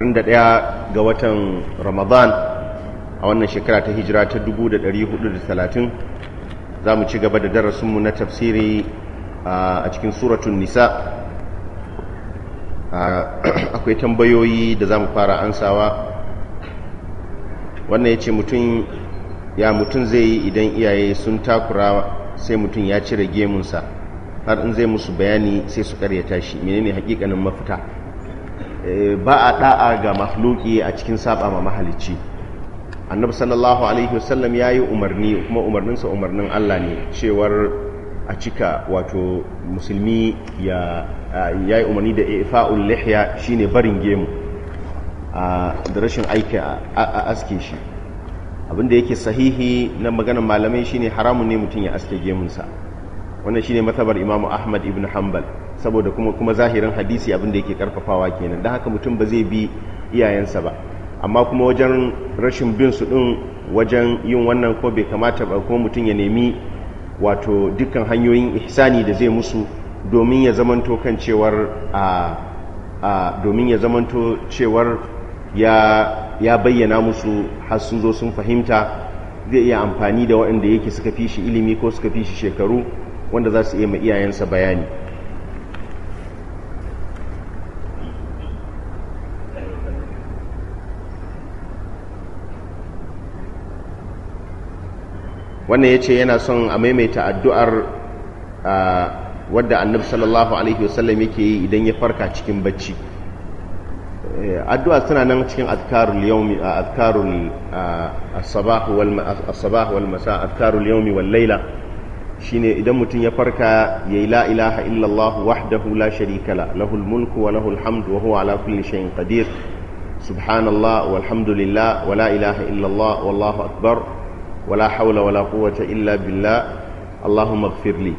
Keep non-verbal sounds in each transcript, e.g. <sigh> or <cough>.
ɗaya ga watan Ramadan a wannan shekara ta hijira ta 430 za mu ci gaba da darasinmu na tafsiri a cikin suratun nisa <clears throat> akwai tambayoyi da za mu fara ansawa wannan ya ce mutum ya mutum zai yi idan iyaye sun takura sai mutum ya cire gemunsa har in zai musu bayani sai su karyata shi menene hakikanin mafita Eh, ba a da'a ga mahluki a cikin saba ma mahalicci annabi sallallahu alaihi wasallam ya yi umarni kuma umarninsa umarnin allah ne cewar a cika wato musulmi ya yi umarni da ifa'ul lihya shine barin gemu A da rashin aiki a aske shi abinda yake sahihi na maganar malamai shine haramun ne mutum ya aske gemunsa wannan shine matabar imamu ahmad ibn hanbal saboda kuma kuma zahirin hadisi abin da yake karfafawa kenan don haka mutum ba zai bi iyayensa ba amma kuma wajen rashin bin su din wajen yin wannan ko bai kamata ba kuma mutum ya nemi wato dukkan hanyoyin ihsani da zai musu domin ya zamanto kan cewar a domin ya zamanto cewar ya bayyana musu har sun zo sun fahimta zai iya amfani da waɗanda yake suka fi shi ilimi ko suka fi shi shekaru wanda za su iya ma iyayensa bayani wannan ya ce yana son a maimaita addu'ar wadda annabi sallallahu alaihi wasallam yake yi idan ya farka cikin bacci eh, addu'a suna nan cikin azkarul yawmi azkarul as-sabah wal as-sabah masa azkarul yawmi wal layla shine idan mutum ya farka yayi la ilaha illallah wahdahu la sharika la lahul mulku wa lahul hamdu wa huwa ala kulli shay'in qadir subhanallah walhamdulillah wa la ilaha illallah wallahu akbar wala haula wala قوة illa بالله اللهم اغفر لي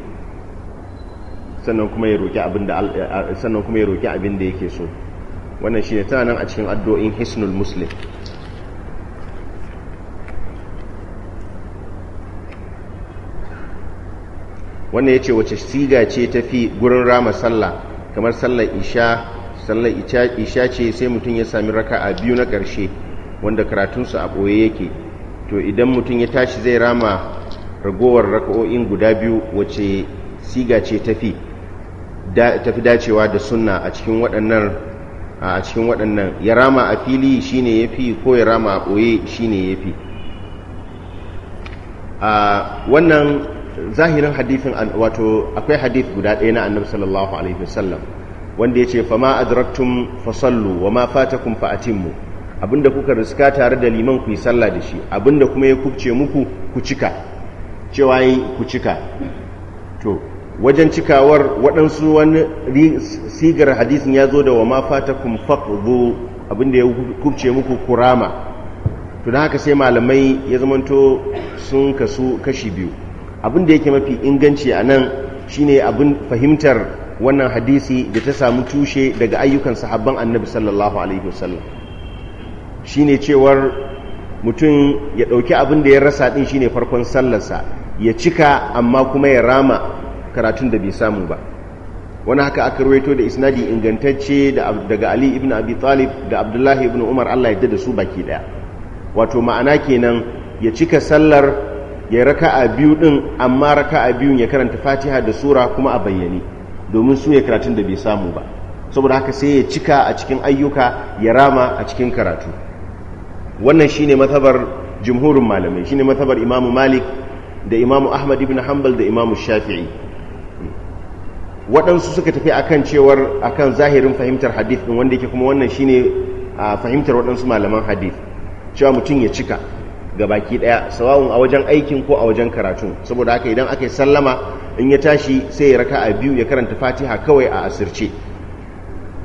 sannan kuma ya roki abin da yake so wannan shine tana nan a cikin addu'o'in hisnul muslim wannan yace wace siga ce tafi gurin rama sallah kamar sallar isha sallar isha ce sai mutum ya sami raka'a biyu na ƙarshe wanda su a ɓoye yake to idan mutum ya tashi zai rama ragowar raka'o'in guda biyu wace siga ce tafi tafi dacewa da sunna a cikin waɗannan a cikin waɗannan ya rama a fili shine fi ko ya rama a ɓoye shine fi. a wannan zahirin hadifin, wato akwai hadif guda ɗaya na annabi sallallahu alaihi wasallam wanda ya fa fama adraktum fasallu ma fatakum fa atimmu abinda kuka riska tare da liman ku yi sallah da shi abinda kuma ya kubce muku ku cika cewa yi ku cika to wajen cikawar waɗansu wani sigar hadisin ya zo da wa ma fata kun faɗo abinda ya kubce muku kurama to don haka sai malamai ya zamanto sun kasu kashi biyu abinda yake mafi inganci a nan shine abin fahimtar wannan hadisi da ta samu tushe daga ayyukan sahabban annabi sallallahu alaihi wasallam shine cewar mutum ya ɗauki abin da ya rasa ɗin shine farkon sallarsa ya cika amma kuma ya rama karatun da bai samu ba wani haka aka rawaito da isnadi ingantacce daga ali ibn abi talib da abdullahi ibn umar allah ya da su baki ɗaya. wato ma'ana kenan ya cika sallar ya raka a biyu ɗin amma raka a biyun ya karanta fatiha da sura kuma a bayyane domin su ya karatun da bai samu ba saboda haka sai ya cika a cikin ayyuka ya rama a cikin karatu wannan shine mazhabar jumhurin malamai shine mazhabar imamu malik da imamu ahmad ibn hanbal da imamu shafi'i waɗansu suka tafi akan cewar akan zahirin fahimtar hadith din wanda yake kuma wannan shine a fahimtar waɗansu malaman hadith cewa mutum ya cika ga baki ɗaya sawa'un a wajen aikin ko a wajen karatu saboda haka idan aka yi sallama in ya tashi sai ya raka a biyu ya karanta fatiha kawai a asirce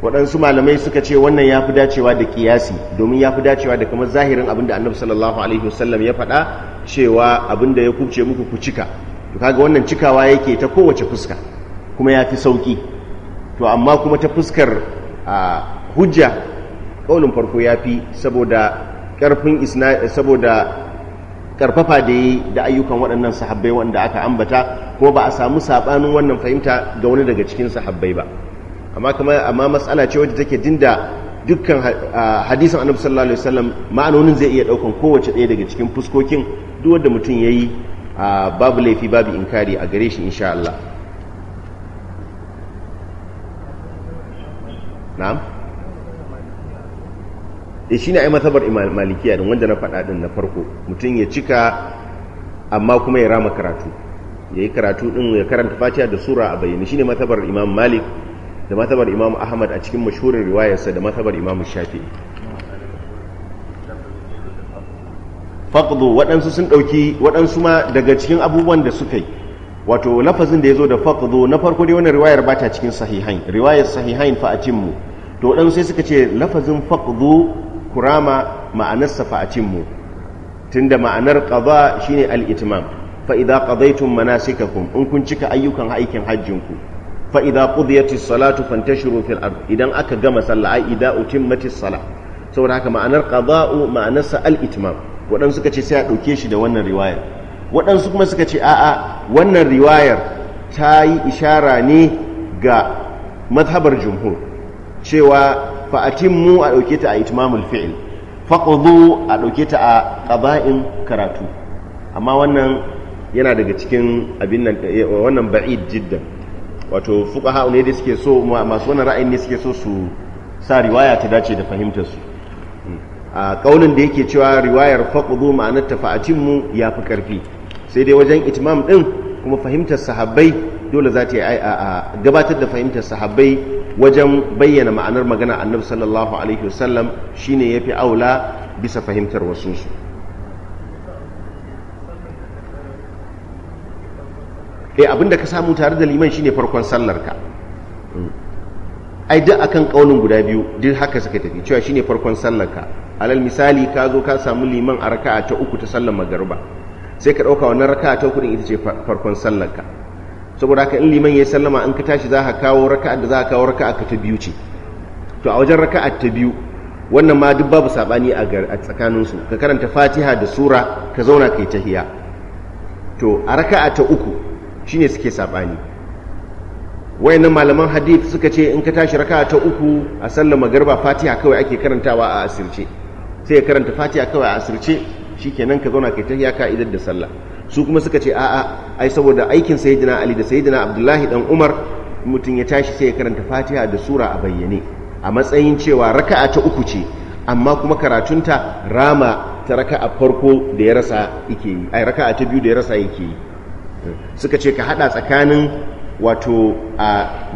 waɗansu malamai suka ce wannan ya fi dacewa da kiyasi domin ya fi dacewa da kamar zahirin abin da annabi sallallahu alaihi wasallam ya faɗa cewa abin da ya kubce muku ku cika to kaga wannan cikawa yake ta kowace fuska kuma ya fi sauki to amma kuma ta fuskar a hujja ƙaunin farko ya fi saboda ƙarfin da yi da ayyukan waɗannan sahabbai wanda aka ambata ko ba a samu saɓanin wannan fahimta ga wani daga cikin sahabbai ba amma kamar amma matsala ce wadda take dinda dukkan ah, hadisin annabi sallallahu alaihi wasallam ma'anonin zai iya daukan kowace ɗaya daga cikin fuskokin duk wanda mutum yayi ah, babu laifi babu inkari a gare shi insha Allah na'am e eh, shine ai mazhabar malikiya din wanda na faɗa din na farko mutum ya cika amma kuma ya rama karatu yayi karatu din ya karanta fatiha da sura a bayyane shine mazhabar imam malik da matabar imam ahmad a cikin mashurin riwayarsa da matabar imam shafi'i faqdu waɗansu sun ɗauki waɗansu ma daga cikin abubuwan da suka yi wato lafazin da ya zo da faqdu na farko dai wannan riwayar ba ta cikin sahihain riwayar sahihain fa cinmu to waɗansu sai suka ce lafazin faqdu kurama ma'anarsa fa tun tunda ma'anar qada shine al-itmam fa idza qadaytum manasikakum in kun cika ayyukan aikin hajjinku fa ƙudiyar qudiyatis salatu fantashiru fil ard idan aka gama sallah ai utin matis sala saboda haka ma'anar qada'u ma'anarsa sa'al itimam waɗansu suka ce sai a ɗauke shi da wannan riwayar waɗansu kuma suka ce a'a wannan riwayar ta yi ishara ne ga mazhabar jumhur cewa fa'atin mu a ɗauke ta a itimamul fi'il faƙudu a ɗauke ta a ƙaba'in karatu amma wannan yana daga cikin abin nan eh, wannan ba'id jiddan wato fuqaha ne da suke so masu wannan ra'ayin ne suke so su sa riwaya ta dace da fahimtar su hmm. a kaunin da yake cewa riwayar faqdu ma'anar cinmu mu fi karfi sai dai wajen itimam ɗin kuma fahimtar sahabbai dole za ta yi a gabatar da fahimtar sahabbai wajen bayyana ma'anar magana annabi sallallahu alaihi wasallam shine fi aula bisa fahimtar wasu su eh abinda ka samu tare da liman shine farkon sallar ka ai duk akan kaunin guda biyu duk haka suka tafi cewa shine farkon sallar ka alal misali ka zo ka samu liman a raka'a ta uku ta sallar magariba sai ka ɗauka wannan raka'a ta uku din ita ce farkon sallar ka saboda haka in liman ya sallama in ka tashi za ka kawo raka'a da za ka kawo raka'a ka ta biyu ce to a wajen raka'a ta biyu wannan ma duk babu saɓani a tsakanin su ka karanta fatiha da sura ka zauna kai tahiya to a raka'a ta uku Shi ne suke saɓani wayannan malaman hadith suka ce in ka tashi raka'a ta uku a sallar magarba fatiha kawai ake karantawa a asirce sai ya karanta fatiha kawai a asirce shikenan ka zauna kai tahiya ka idan da sallah su kuma suka ce a'a ai saboda aikin sayyidina ali da sayyidina abdullahi dan umar mutum ya tashi sai ya karanta fatiha da sura a bayyane a matsayin cewa raka'a ta uku ce amma kuma karatunta rama ta raka'a farko da ya rasa yake yi ai raka'a ta biyu da ya rasa yake yi suka ce ka hada tsakanin wato a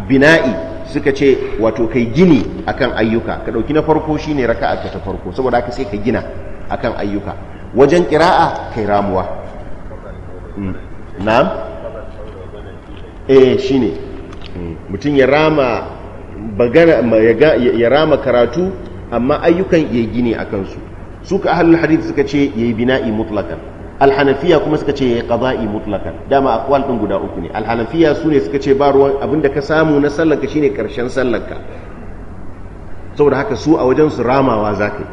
bina'i suka ce wato kai gini akan ayyuka ka dauki na farko shine raka'a ta farko saboda haka sai ka gina akan ayyuka wajen kiraa kai ramuwa mm. na'am eh shine mm. mutum ya rama bagana ya rama karatu amma ayyukan ya gini akan su suka ahlul hadith suka ce yayi bina'i mutlakan alhanafiya kuma suka ce qada'i mutlaqan dama aqwal din guda uku ne alhanafiya su ne suka ce ba ruwan abinda ka samu na sallanka shine karshen sallanka saboda haka su a wajen su ramawa zaka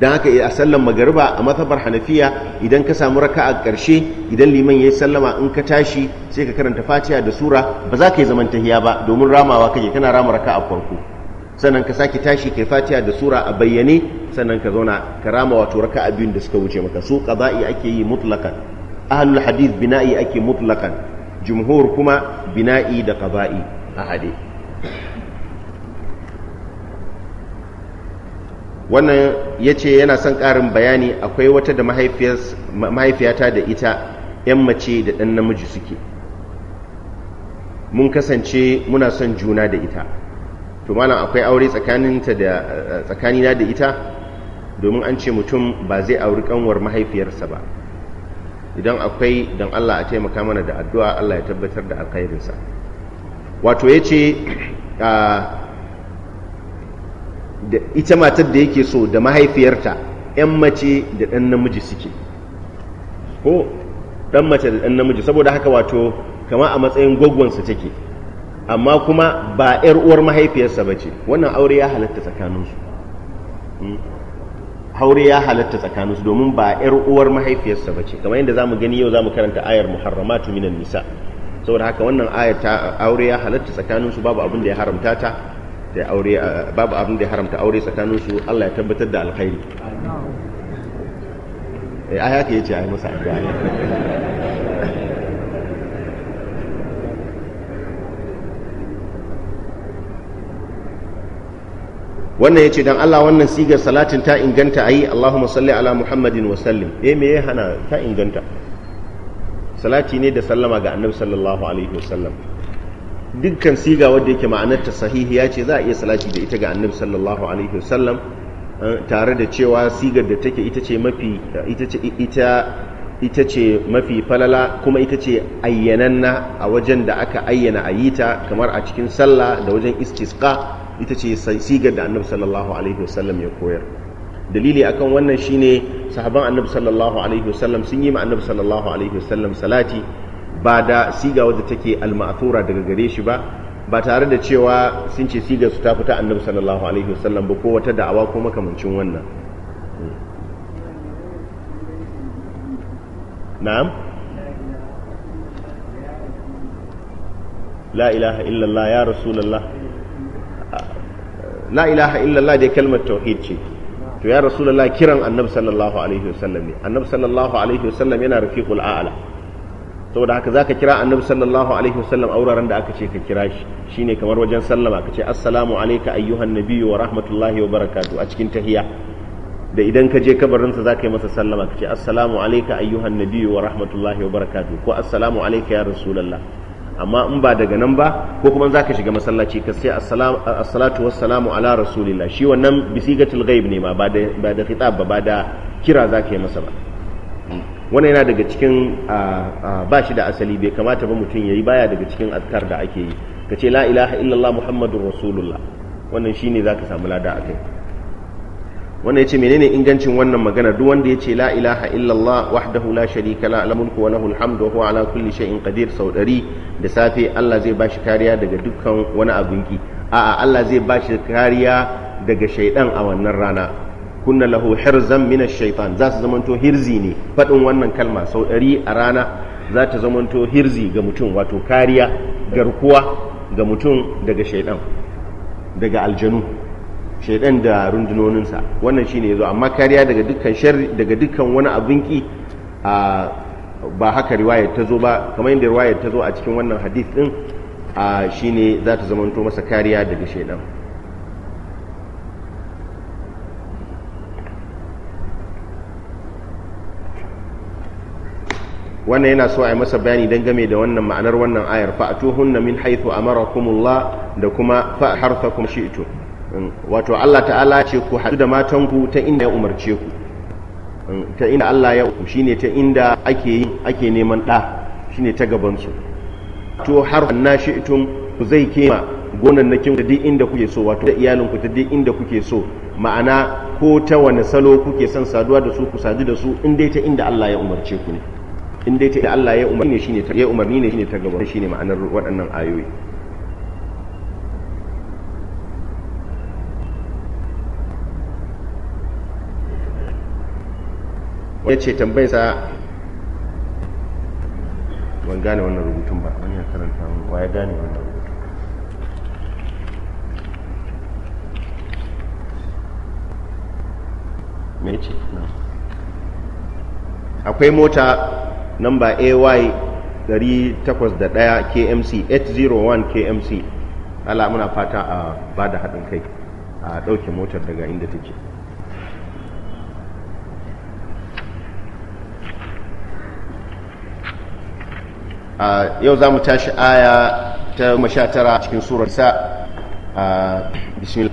dan haka a sallar magariba a mazhabar hanafiya idan ka samu raka'a karshe idan liman yayi sallama in ka tashi sai ka karanta fatiha da sura ba za ka yi zaman tahiya ba domin ramawa kake kana rama raka'a farko sannan ka sake tashi kai fatiha da sura a bayyane sannan ka zauna ka rama wato raka abin da suka wuce maka su qada'i ake yi mutlaqan ahlul hadith bina'i ake mutlaqan jumhur kuma bina'i da qada'i a hade wannan yace yana son karin bayani akwai wata da mahaifiyata da ita 'yan mace da ɗan namiji suke mun kasance muna son juna da ita to malam akwai aure tsakaninta da eh, tsakanina da ita domin an ce mutum ba zai auri kanwar mahaifiyarsa ba idan akwai don Allah a taimaka mana da addu'a Allah ya tabbatar da alkhairinsa wato ya ce ah, ita matar da yake so da mahaifiyarta 'yan mace da ɗan namiji suke ko ɗan mace da ɗan namiji saboda haka wato kama a matsayin gwagwansa take amma kuma ba 'yar uwar mahaifiyarsa ba ce wannan aure ya halatta tsakaninsu haure hmm? ya halatta tsakaninsu domin ba 'yar uwar mahaifiyarsa ba ce kamar yadda za mu gani yau za mu karanta ayar muharramatu minan nisa saboda haka wannan ayar ta aure ya halatta tsakaninsu babu abin da ya haramta ta aure babu abin da ya haramta aure tsakaninsu Allah ya tabbatar da alkhairi eh aya yace ai addu'a wannan yace dan Allah wannan sigar salatin ta inganta ayi Allahumma salli ala Muhammadin wa sallim eh me ya hana ta inganta salati ne da sallama ga Annabi sallallahu alaihi wasallam dukkan siga wadda yake ma'anarta ya ce za a iya salati da ita ga Annabi sallallahu alaihi wasallam eh, tare da cewa sigar da take ita ce mafi ita ce ita ita ce mafi falala kuma ita ce ayyananna a wajen da aka ayyana ayita kamar a cikin sallah da wajen istisqa ita ce sigar da annabi sallallahu alaihi wasallam ya koyar dalili akan wannan shine sahaban annabi sallallahu alaihi wasallam sun yi ma annabi sallallahu alaihi wasallam salati ba da siga wadda take al-ma'thura daga gare shi ba ba tare da cewa sun ce sigar su ta fita annabi sallallahu alaihi wasallam ba ko wata da'awa ko makamancin wannan na'am la ilaha illallah ya rasulullah la ilaha illallah dai kalmar tauhid ce to ya rasulullah kiran annabi sallallahu alaihi wasallam ne annabi sallallahu alaihi wasallam yana rafiqul a'la saboda haka zaka kira annabi sallallahu alaihi wasallam a wuraren da aka ce ka kira shi shine kamar wajen sallama ka ce assalamu alayka ayyuhan nabiyyu wa rahmatullahi wa barakatuh a cikin tahiya da idan ka je kabarinsa zaka yi masa sallama ka ce assalamu alayka ayyuhan nabiyyu wa rahmatullahi wa barakatuh ko assalamu alayka ya rasulullah amma in ba daga nan ba ko kuma za ka shiga masallaci ka sai assalatu wassalamu ala rasulillah shi wannan bisigatul ghaib ne ma ba da khitab ba da kira za ka yi masa ba wannan yana daga cikin ba shi da asali bai kamata ba mutum ya yi baya daga cikin azkar da ake yi ka ce la ilaha illallah muhammadun rasulullah wannan ne za ka samu lada a kai wanda ya ce menene ingancin wannan magana duk wanda ya ce la ilaha illallah wahdahu la sharika la al mulku wa lahu alhamdu wa huwa ala kulli shay'in qadir sau ɗari da safe Allah zai bashi kariya daga dukkan wani abinki a'a Allah zai bashi kariya daga shaidan a wannan rana kunna lahu hirzan min ash-shaytan za su zamanto hirzi ne faɗin wannan kalma sau ɗari a rana za ta zamanto hirzi ga mutum wato kariya garkuwa ga mutum daga shaydan daga aljanu shaidan da rundunoninsa wannan shine zo amma kariya daga dukkan sharri daga dukkan wani abin ki a ba haka riwayar ta zo ba kamar da riwayar ta zo a cikin wannan hadith din a shine za ta zamanto masa kariya daga shaidan wannan yana so a yi masa bayani game da wannan ma'anar wannan ayar fa'atuhunna min haythu amarakumullah da kuma fa kuma shi'tum Mm. wato Allah ta'ala ce ku haɗu da matanku ta inda ya umarce ku mm. ta inda Allah ya uku shine ta inda ake yi ake neman ɗa shine ta gabansu to har na shi'tum ku zai kema gonannakin ta duk inda kuke so wato da iyalinku ta duk inda kuke so ma'ana ko ta wani salo kuke son saduwa da su ku sadu da su in dai ta inda Allah ya umarce ku ne in dai ta inda Allah ya umarni ne shine ya umarni ne shine ta gaban shine ma'anar waɗannan ayoyi wani ce tambayinsa ban gane wannan rubutun ba wani ya karanta wa ya gane wannan rubutun me ce akwai mota namba ay 801 kmc 801 kmc ala muna fata a bada haɗin kai a ɗauke motar daga inda take yau za mu tashi aya ta goma cikin surar sa bismil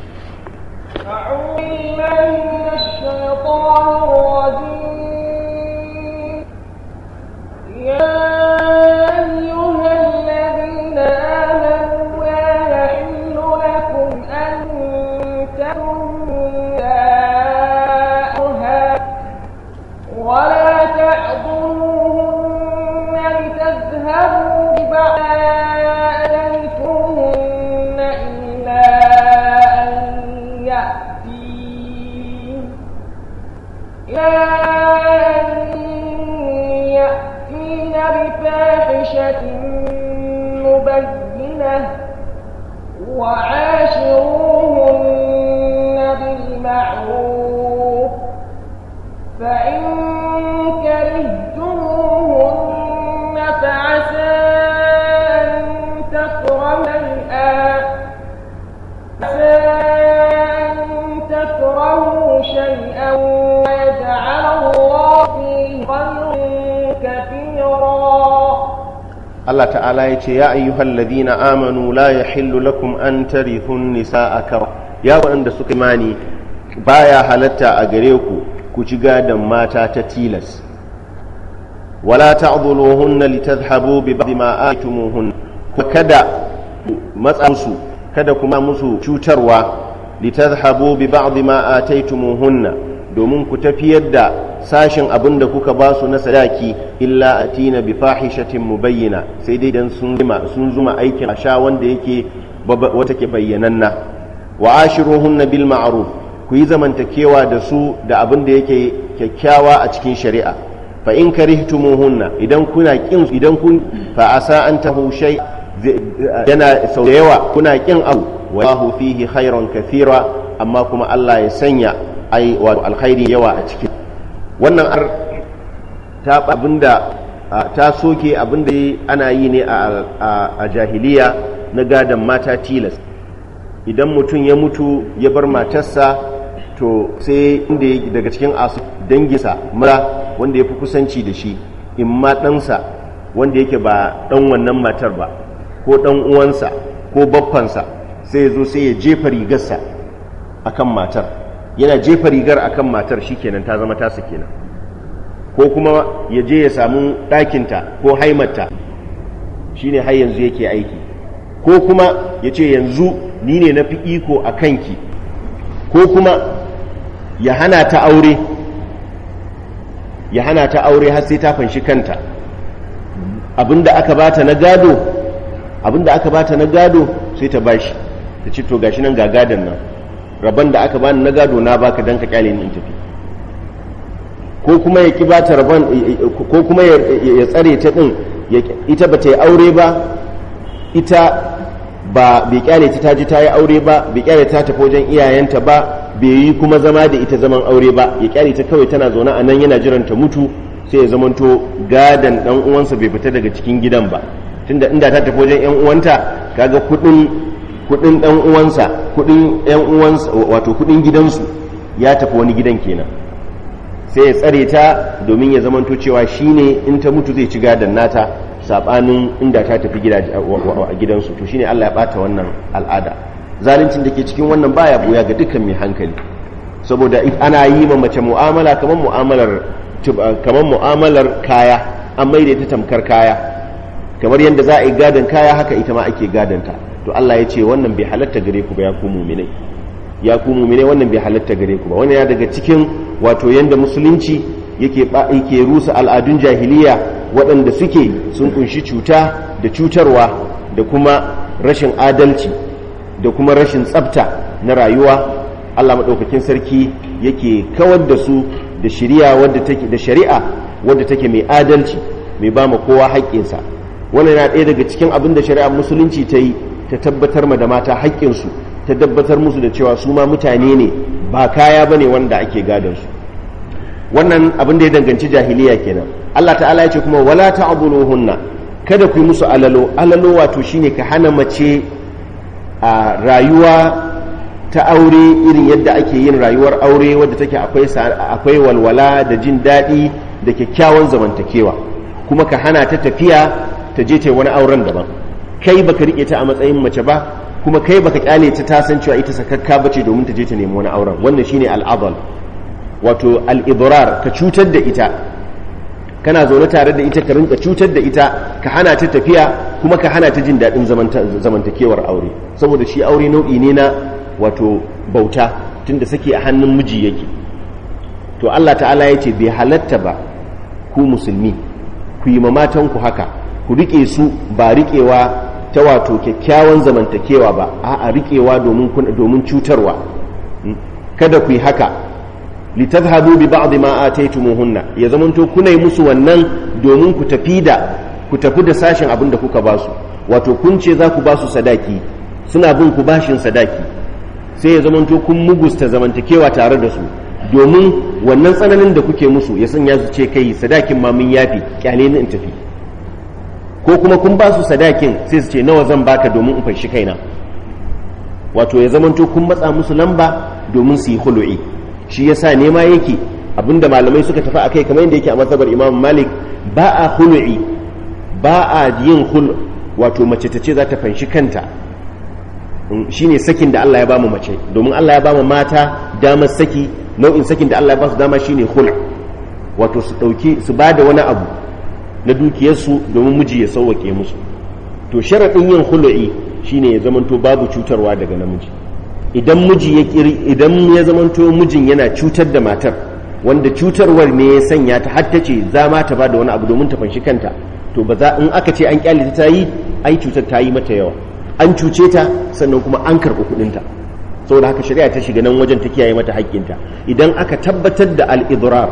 Allah ta'ala ya ce ya ayyuhal ladina amanu la yahillu lakum an tarithun nisaa kar ya waɗanda suka imani baya halatta a gare ku ku ci gadon mata ta tilas wala ta'dhuluhunna litadhhabu bi ba'd ma atumuhun kada matsa musu kada kuma musu cutarwa litadhhabu bi ba'd ma ataytumuhunna domin ku tafiyar da sashen abin da kuka ba su na sadaki illa a atina bi fahishatin mu bayyana sai dai dan sun zuma aikin a sha wanda yake wata ke bayyananna wa ashiruhunna bil ma'ruf ku yi zamantakewa da su da abin da yake kyakkyawa a cikin shari'a fa in karihtumuhunna idan kuna kin idan kun fa asa an tahu shay yana sau da yawa kuna kin abu wa fihi khairan kathira amma kuma Allah ya sanya ai wa alkhairi yawa a cikin wannan ar ta abinda ta soke abinda ana yi ne a jahiliya na gadon mata tilas idan mutum ya mutu ya bar matarsa to sai inda daga cikin asu dangisa mara wanda ya fi kusanci da shi in ma ɗansa wanda yake ba ɗan wannan matar ba ko ɗan uwansa ko baffansa sai ya zo sai ya jefa rigarsa a kan matar yana jefa rigar akan matar shikenan ta zama tasa kenan ko kuma ya je ya samu ɗakinta ko haimarta shine har yanzu yake aiki ko kuma ya ce yanzu ni ne na fi iko a kanki ko kuma ya hana ta aure ya hana ta aure har sai ta fanshi kanta abinda aka bata na gado abinda aka bata na gado sai ta bashi ta ce to gashi nan ga gadon nan rabon da aka bani na gado na baka dan ka kyale ni in tafi ko kuma ya tsare ta din ita ba ta yi aure ba ita ba bai kyale ta taji ta yi aure ba bai kyale ta tafi wajen iyayenta ba bai yi kuma zama da ita zaman aure ba ya kyale ta kawai tana zaune a nan yana jiran ta mutu sai ya zamanto gadan ɗan uwansa bai fita daga cikin gidan ba tunda inda ta tafi wajen yan uwanta kaga kuɗin. kudin dan uwansa kudin yan uwansa wato kudin gidansu ya tafi wani gidan kenan sai ya tsare ta domin ya zamanto cewa shine in ta mutu zai ci gadan nata sabanin inda ta tafi gidansu to shine Allah ya bata wannan al'ada Zalincin da cikin wannan baya boya ga dukkan mai hankali saboda ana yi ma mace mu'amala kaman mu'amalar kaman mu'amalar kaya an maida ta tamkar kaya kamar yadda za a yi gadon kaya haka ita ma ake gadon ta to Allah ya ce wannan bai halatta gare ku ba ya ku mumine ya ku mumine wannan bai halatta gare ku ba wannan ya daga cikin wato yanda musulunci yake yake rusa al'adun jahiliya waɗanda suke sun kunshi cuta da cutarwa da kuma rashin adalci da kuma rashin tsafta na rayuwa Allah madaukakin sarki yake kawar da su da shari'a wadda take da shari'a wadda take mai adalci mai ba ma kowa haƙƙinsa wannan yana ɗaya daga cikin abin da shari'ar musulunci ta yi ta tabbatar ma da mata haƙƙinsu ta tabbatar musu da cewa su ma mutane ne ba kaya ba ne wanda ake gadon su wannan abin da ya danganci jahiliya kenan Allah ta'ala ya ce kuma wala ta hunna kada ku yi musu alalo alalo wato shine ka hana mace a rayuwa ta aure irin yadda ake yin rayuwar aure wadda take akwai walwala da jin daɗi da kyakkyawan zamantakewa kuma ka hana ta tafiya ta je ta wani auren daban kai baka rike ta a matsayin mace ba kuma kai baka kyale ta ta san cewa ita sakakka bace domin ta je ta nemi wani auren wannan shine al'adal wato al'idrar ka cutar da ita kana zaune tare da ita ka rinka cutar da ita ka hana ta tafiya kuma ka hana ta jin daɗin zamantakewar aure saboda shi aure nau'i ne na wato bauta tunda sake a hannun miji yake to Allah ta'ala ya ce bai halatta ba ku musulmi ku yi mamatanku haka ku riƙe su ba riƙewa ta wato kyakkyawan zamantakewa ba a riƙewa domin cutarwa hmm? kada ku yi haka litazhadu bi ba'd ma ataytumuhunna ya zamanto kuna yi musu wannan domin ku tafi da ku tafi da sashen abin da kuka ba su wato kun ce za ku ba su sadaki suna bin ku bashin sadaki sai ya zamanto kun mugusta zamantakewa tare da su domin wannan tsananin da kuke musu ya sanya su ce kai sadakin ma mun yafi kyale ni in tafi ko kuma kun ba su sadakin sai su ce nawa zan baka domin in fanshi kaina wato ya zamanto kun matsa musu lamba domin su yi hulu'i shi ya sa nema yake abinda malamai suka tafi kai kamar yadda yake a mazhabar imam malik ba a hulu'i ba a yin hul wato mace ta ce za ta fanshi kanta mm, shi ne sakin da Allah ya mu mace domin Allah ya mu mata damar saki nau'in sakin da Allah ya ba su dama shine hul wato su dauki su da wani abu na dukiyarsu domin miji ya sauwake musu to sharaɗin yin hulu'i shine ya zamanto babu cutarwa daga namiji idan miji ya kiri idan ya zamanto mijin yana cutar da matar wanda cutarwar ne ya sanya ta har ta ce za ma ta bada wani abu domin ta fanshi kanta to ba za in aka ce an kyale ta yi ai cutar ta yi mata yawa an cuce ta sannan kuma an karɓi kuɗin ta, saboda haka shari'a ta shiga nan wajen ta kiyaye mata haƙƙinta idan aka tabbatar da al-idrar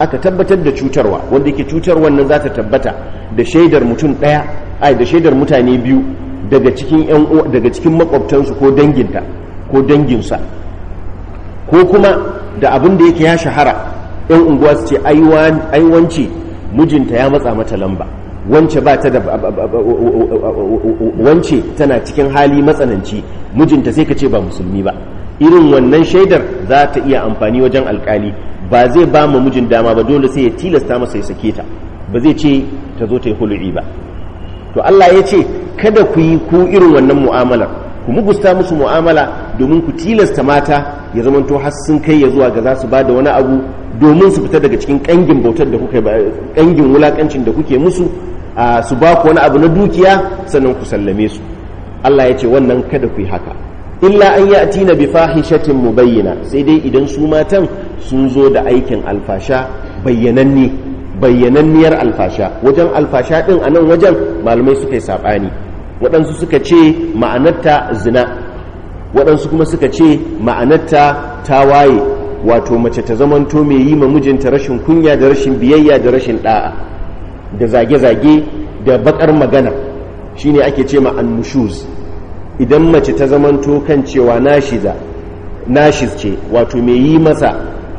aka tabbatar da cutarwa wanda yake cutar wannan za ta tabbata da shaidar mutum ɗaya ai da shaidar mutane biyu daga cikin yan daga cikin makwabtansu ko danginta ko danginsa ko kuma da abin da yake ya shahara yan unguwa su ce ai wance mijinta ya matsa mata lamba wance ba ta da wance tana cikin hali matsananci mijinta sai ka ce ba musulmi ba irin wannan shaidar za ta iya amfani wajen alkali ba zai ba mu mijin dama ba dole sai ya tilasta masa ya sake ta ba zai ce ta zo ta yi hulɗi ba to Allah ya ce kada ku yi ku irin wannan mu'amalar ku mugusta musu mu'amala domin ku tilasta mata ya zamanto har sun kai ya zuwa ga za su ba da wani abu domin su fita daga cikin kangin bautar da kuka kangin wulakancin da kuke musu su ba ku wani abu na dukiya sannan ku sallame su Allah ya ce wannan kada ku yi haka illa an ya'ti na bi fahishatin bayyana sai dai idan su matan sun zo da aikin alfasha bayyananne bayyananniyar alfasha wajen alfasha ɗin a nan wajen malamai suka yi saɓani waɗansu suka ce ma'anarta zina waɗansu kuma suka ce ma'anarta ta waye wato mace ta zamanto mai yi ma mijinta rashin kunya da rashin biyayya da rashin ɗa'a da zage-zage da baƙar magana shine ake ce ma annushuz idan mace ta zamanto kan cewa nashiza nashiz ce wato mai yi masa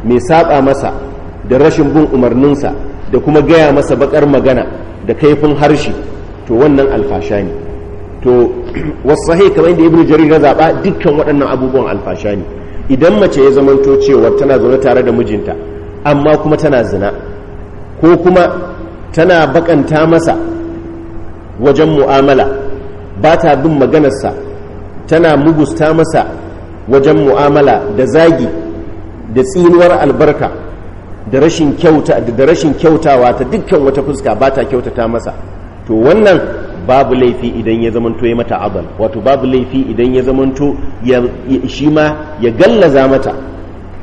mai saba masa da rashin bin umarninsa da kuma gaya masa bakar magana da kaifin harshe to wannan alfasha ne to <clears throat> wasu wasahi kamar inda ibnu jarir zaba dukkan waɗannan abubuwan alfasha ne idan mace ya zamanto cewa tana zaune tare da mijinta amma kuma tana zina ko kuma tana bakanta masa wajen mu'amala ba ta bin maganarsa tana mugusta masa wajen mu'amala da zagi da tsinuwar albarka da rashin kyauta da rashin kyautawa ta dukkan wata fuska ba ta kyautata masa to wannan babu laifi idan ya zamanto ya mata abal wato babu laifi idan ya zamanto shi ma ya gallaza mata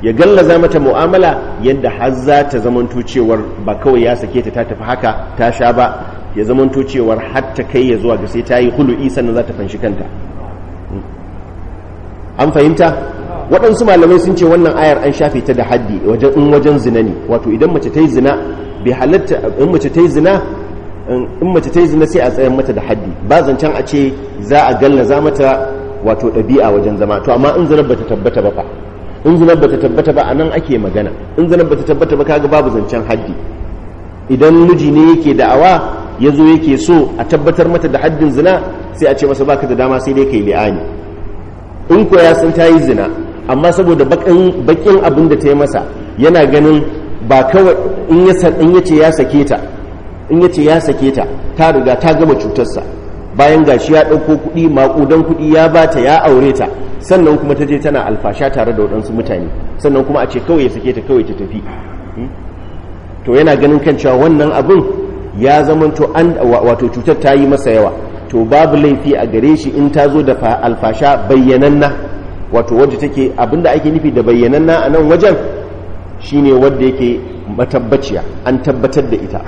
ya gallaza mata mu'amala yadda har za ta zamanto cewar ba kawai ya sake ta ta tafi haka ta sha ba ya zamanto cewar har ta kai ya zuwa ga sai ta yi hulu'i sannan za ta fanshi kanta an fahimta waɗansu malamai sun ce wannan ayar an shafe ta da haddi in wajen zina ne wato idan mace ta yi zina bai halatta in mace ta yi zina in mace ta yi zina sai a tsayan mata da haddi ba zancen a ce za a galla za mata wato ɗabi'a wajen zama to amma in zinar bata tabbata ba fa in zinar bata tabbata ba a nan ake magana in zinar bata tabbata ba kaga babu zancen haddi idan miji ne yake da'awa ya zo yake so a tabbatar mata da haddin zina sai a ce masa baka da dama sai dai kai li'ani in ko ya san ta yi zina amma saboda bakin abin da ta yi masa yana ganin ba kawai in ya ya sake ta in yace ya sake ta ta riga ta gama cutarsa bayan gashi ya ɗauko kuɗi maƙudan kuɗi ya ba ta ya aure ta sannan kuma ta je tana alfasha tare da waɗansu mutane sannan kuma a ce kawai ya sake ta kawai ta tafi hmm? to yana ganin kan cewa wannan abin ya to an wato cutar ta yi masa yawa to babu laifi a gare shi in ta zo da alfasha bayyananna wato wadda take abinda ake nufi da bayyananna a nan wajen shine wadda yake matabbaciya an tabbatar da ita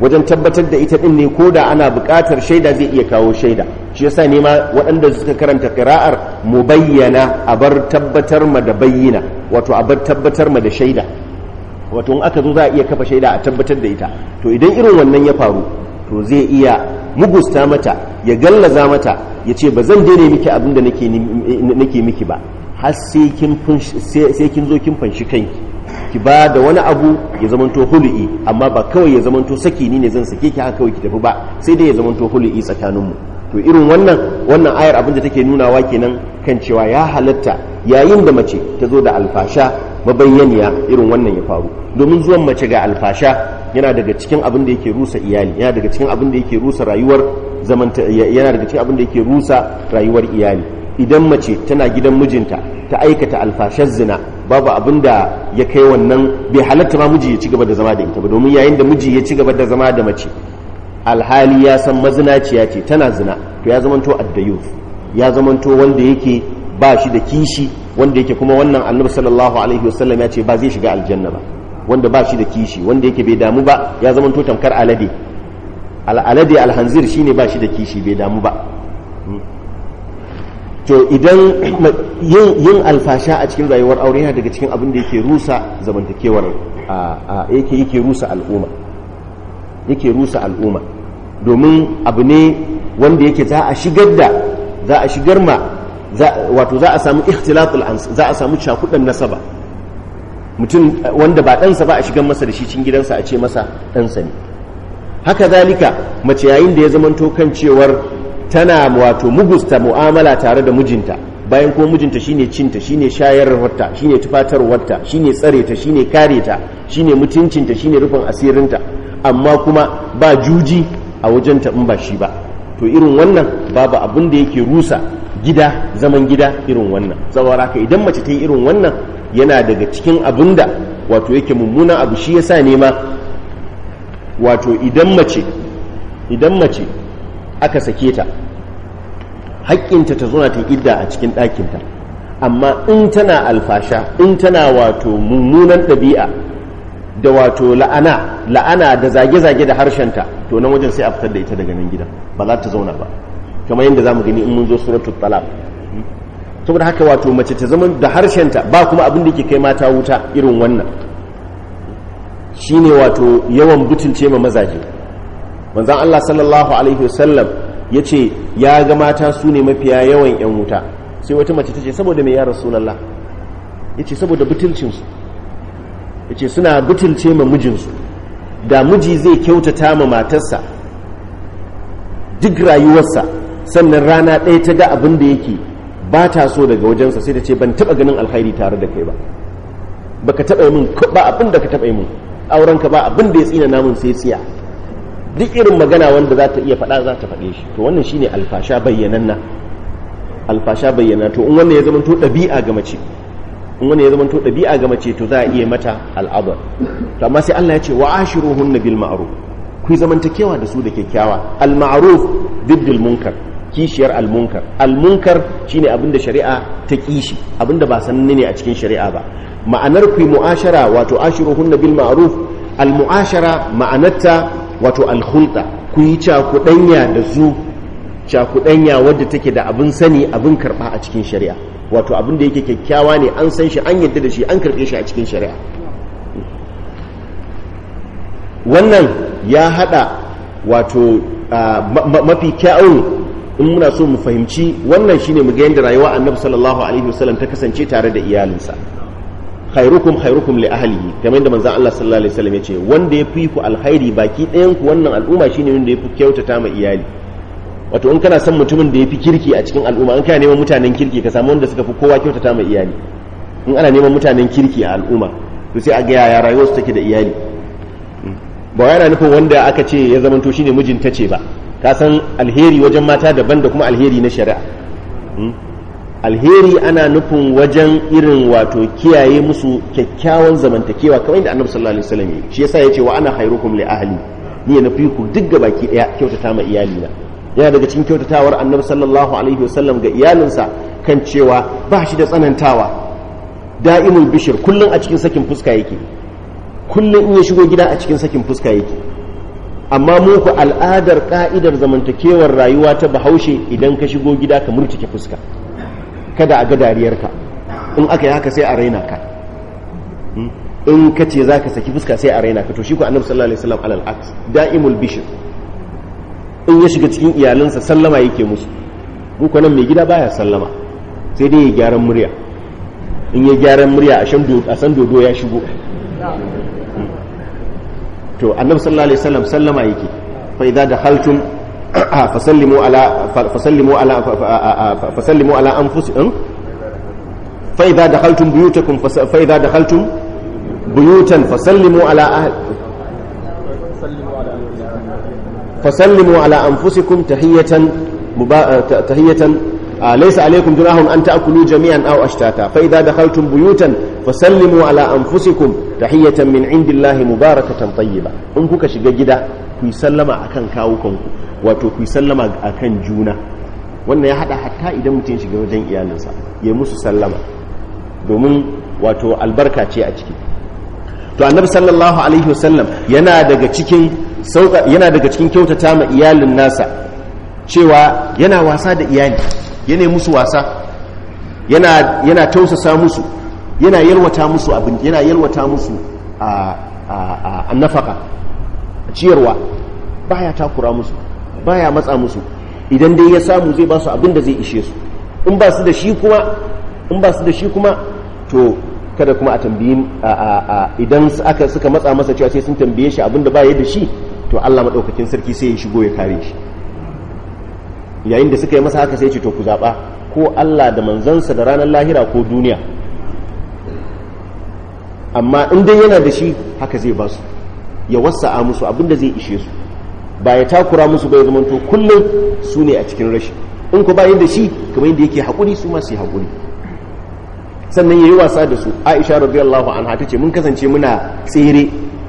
wajen tabbatar da ita din ne ko da ana buƙatar shaida zai iya kawo shaida shi yasa ne ma waɗanda suka karanta kara’ar mu bayyana a bar tabbatar ma da bayyina wato a bar tabbatar ma da shaida wato in aka zo za a iya kafa shaida a tabbatar da ita to idan irin wannan ya faru to zai iya mugusta mata ya gallaza mata ya ce ba zan daina miki abin da nake miki ba har sai kin zo kin fanshi kanki ki ba da wani abu ya zamanto hulu'i amma ba kawai ya zamanto saki ni ne zan sake ki haka kawai ki tafi ba sai dai ya zamanto hulu'i tsakaninmu to irin wannan wannan ayar abin da take nunawa kenan kan cewa ya halatta yayin da mace ta zo da alfasha mabayyaniya irin wannan ya faru domin zuwan mace ga alfasha yana daga cikin abin da yake rusa iyali yana daga cikin abin da yake rusa rayuwar zamanta yana daga cikin abin da yake rusa rayuwar iyali idan mace tana gidan mijinta ta aikata alfashar zina babu abin da ya kai wannan bai halatta ma miji ya ci gaba da zama da ita ba domin yayin da miji ya ci gaba da zama da mace alhali ya san mazinaciya ce tana zina to ya zamanto addayuf ya zamanto wanda yake ba shi da kishi wanda yake kuma wannan annabi sallallahu alaihi wasallam ya ce ba zai shiga aljanna ba wanda ba shi da kishi wanda yake bai damu ba ya zama to tamkar alade alade alhanzir shine ba shi da kishi bai damu ba hmm. to idan <clears throat> yin alfasha a cikin rayuwar aure yana daga cikin abin da yake rusa zamantakewar yake yake rusa al'umma yake rusa al'umma domin abu ne wanda yake za a shigar da za a shigar ma wato za a samu ikhtilatul ans za a samu cakudan nasaba mutum wanda ba ɗansa ba a shigan masa da shi cikin gidansa a ce masa sa ne haka zalika mace yayin da ya zamanto kan cewar tana wato mugusta mu'amala tare da mijinta bayan ko mijinta shine cinta shine shayarwarta shine tufatarwarta shine tsare ta shine kare ta shine mutuncinta shine rufin asirin ta amma kuma ba juji a wajenta in ba shi ba to irin wannan babu abin da yake rusa gida zaman gida irin wannan saboda haka idan mace ta yi irin wannan yana daga cikin abin da wato yake mummunan abu shi ya sa nema wato idan mace idan mace aka sake ta haƙƙinta ta zo ta idda a cikin ɗakinta amma in tana alfasha in tana wato mummunan ɗabi'a da wato la'ana la'ana da zage-zage da harshenta to nan wajen sai a fitar da ita daga nan gidan ba za ta zauna ba kamar yadda za mu gani in mun zo suratul talaq saboda haka wato mace ta zama da harshen ta ba kuma abin da ke kai mata wuta irin wannan shine wato yawan butulce ma mazaje manzon Allah sallallahu alaihi wasallam yace ya ga mata su ne mafiya yawan yan wuta sai wata mace ta ce saboda me ya rasulullah yace saboda butulcin su yace suna butulce ma mijinsu da miji zai kyautata ma matarsa duk rayuwarsa sannan rana ɗaya ta ga abin da yake ba ta so daga wajensa sai ta ce ban taɓa ganin alkhairi tare da kai ba baka taɓa yi min ba abin da ka taɓa yi min auren ka ba abin da ya tsina namun sai tsiya duk irin magana wanda za ta iya faɗa za ta faɗe shi to wannan shine alfasha bayyananna alfasha bayyana to in wannan ya zama to ɗabi'a ga mace in wannan ya zama to ɗabi'a ga mace to za a iya mata al'adar to amma sai Allah ya ce wa ashiruhunna bil ma'ruf ku zamantakewa da su da kyakkyawa al ma'ruf diddil munkar kishiyar almunkar almunkar shine abinda shari'a ta kishi abin da ba sananne ne a cikin shari'a ba ma'anar ku mu'ashara wato ashiruhunna bil ma'aruf almu'ashara mu'ashara ma'anarta wato alhulɗa kuyi ku yi cakudanya da zu cakudanya wadda take da abin sani abin karba a cikin shari'a wato abin da yake kyakkyawa ne an san shi an yadda da shi an karbe shi a cikin shari'a wannan ya haɗa wato mafi kyawun in muna so mu fahimci wannan shine mu ga yadda rayuwa annabi sallallahu alaihi wasallam ta kasance tare da iyalinsa khairukum khairukum li ahlihi kamar yadda manzon Allah sallallahu alaihi wasallam yace wanda yafi ku alkhairi baki ɗayan ku wannan al'umma shine wanda yafi kyautata ma iyali wato in kana son mutumin da yafi kirki a cikin al'umma in kana neman mutanen kirki ka samu wanda suka fi kowa kyautata ma iyali in ana neman mutanen kirki a al'umma to sai a ga yaya rayuwarsu take da iyali ba yana nufin wanda aka ce ya zamanto shine mijin tace ba ka san alheri wajen mata daban da kuma alheri na shari'a hmm? alheri ana nufin wajen irin wato kiyaye musu kyakkyawan zamantakewa kamar yadda annabi sallallahu alaihi wasallam shi yasa yace wa ana khairukum li ahli ni na fi ku duk baki daya kyautata ma iyali na yana daga cikin kyautatawar annabi sallallahu alaihi wasallam ga iyalinsa kan cewa ba shi da tsanantawa da'imul bishir kullun a cikin sakin fuska yake kullun in ya shigo gida a cikin sakin fuska yake amma mu ku al'adar ka'idar zamantakewar rayuwa ta bahaushe idan ka shigo gida ka murtuke fuska kada a ga dariyarka in aka yi haka sai a raina ka hmm? in ka ce za ka saki fuska sai a raina ka to shi ku annabi sallallahu alaihi wasallam alal aks da'imul bishr in ya shiga cikin iyalansa sallama yake musu mu nan mai gida baya sallama sai dai ya gyaran murya in ya gyaran murya a san dodo ya shigo to annabi sallallahu alaihi wasallam sallama yake fa idza dakhaltum <coughs> ah, ala ala ala anfusikum fa idza dakhaltum buyutakum fa idza dakhaltum buyutan ala ala anfusikum tahiyatan eh, tahiyatan ah, laysa alaykum junahun an ta'kulu jami'an aw ashtata fa idza dakhaltum buyutan fasallimu ala anfusikum tahiyatan min indillahi mubarakatan tayyiba in kuka shiga gida ku yi sallama akan kawukan ku wato ku yi sallama akan juna wannan ya hada hatta idan mutum shiga wajen iyalinsa ya musu sallama domin wato albarka ce a ciki to annabi sallallahu alaihi wasallam yana daga cikin sauka yana daga cikin kyautata ma iyalin nasa cewa yana wasa da iyali yana musu wasa yana yana tausasa musu yana yalwata musu abin yana yalwata musu a ciyarwa ciyarwa baya takura musu baya matsa musu idan dai ya samu zai ba su abin da zai ishe su in ba su da shi kuma in ba su da shi kuma to kada kuma a tambayi idan aka suka matsa masa cewa sai sun tambaye shi abin da ba ya da shi to Allah madaukakin sarki sai ya shigo ya kare shi yayin da suka yi masa haka sai ce to ku zaba ko Allah da manzansa da ranar lahira ko duniya amma in dai yana da shi haka zai basu su ya wasa'a musu abin da zai ishe su ba ya takura musu ba ya zamanto kullum su ne a cikin rashi in ku bayan da shi kamar yadda yake haƙuri su masu yi haƙuri sannan ya yi wasa da su aisha radiyallahu an ta ce mun kasance muna tsere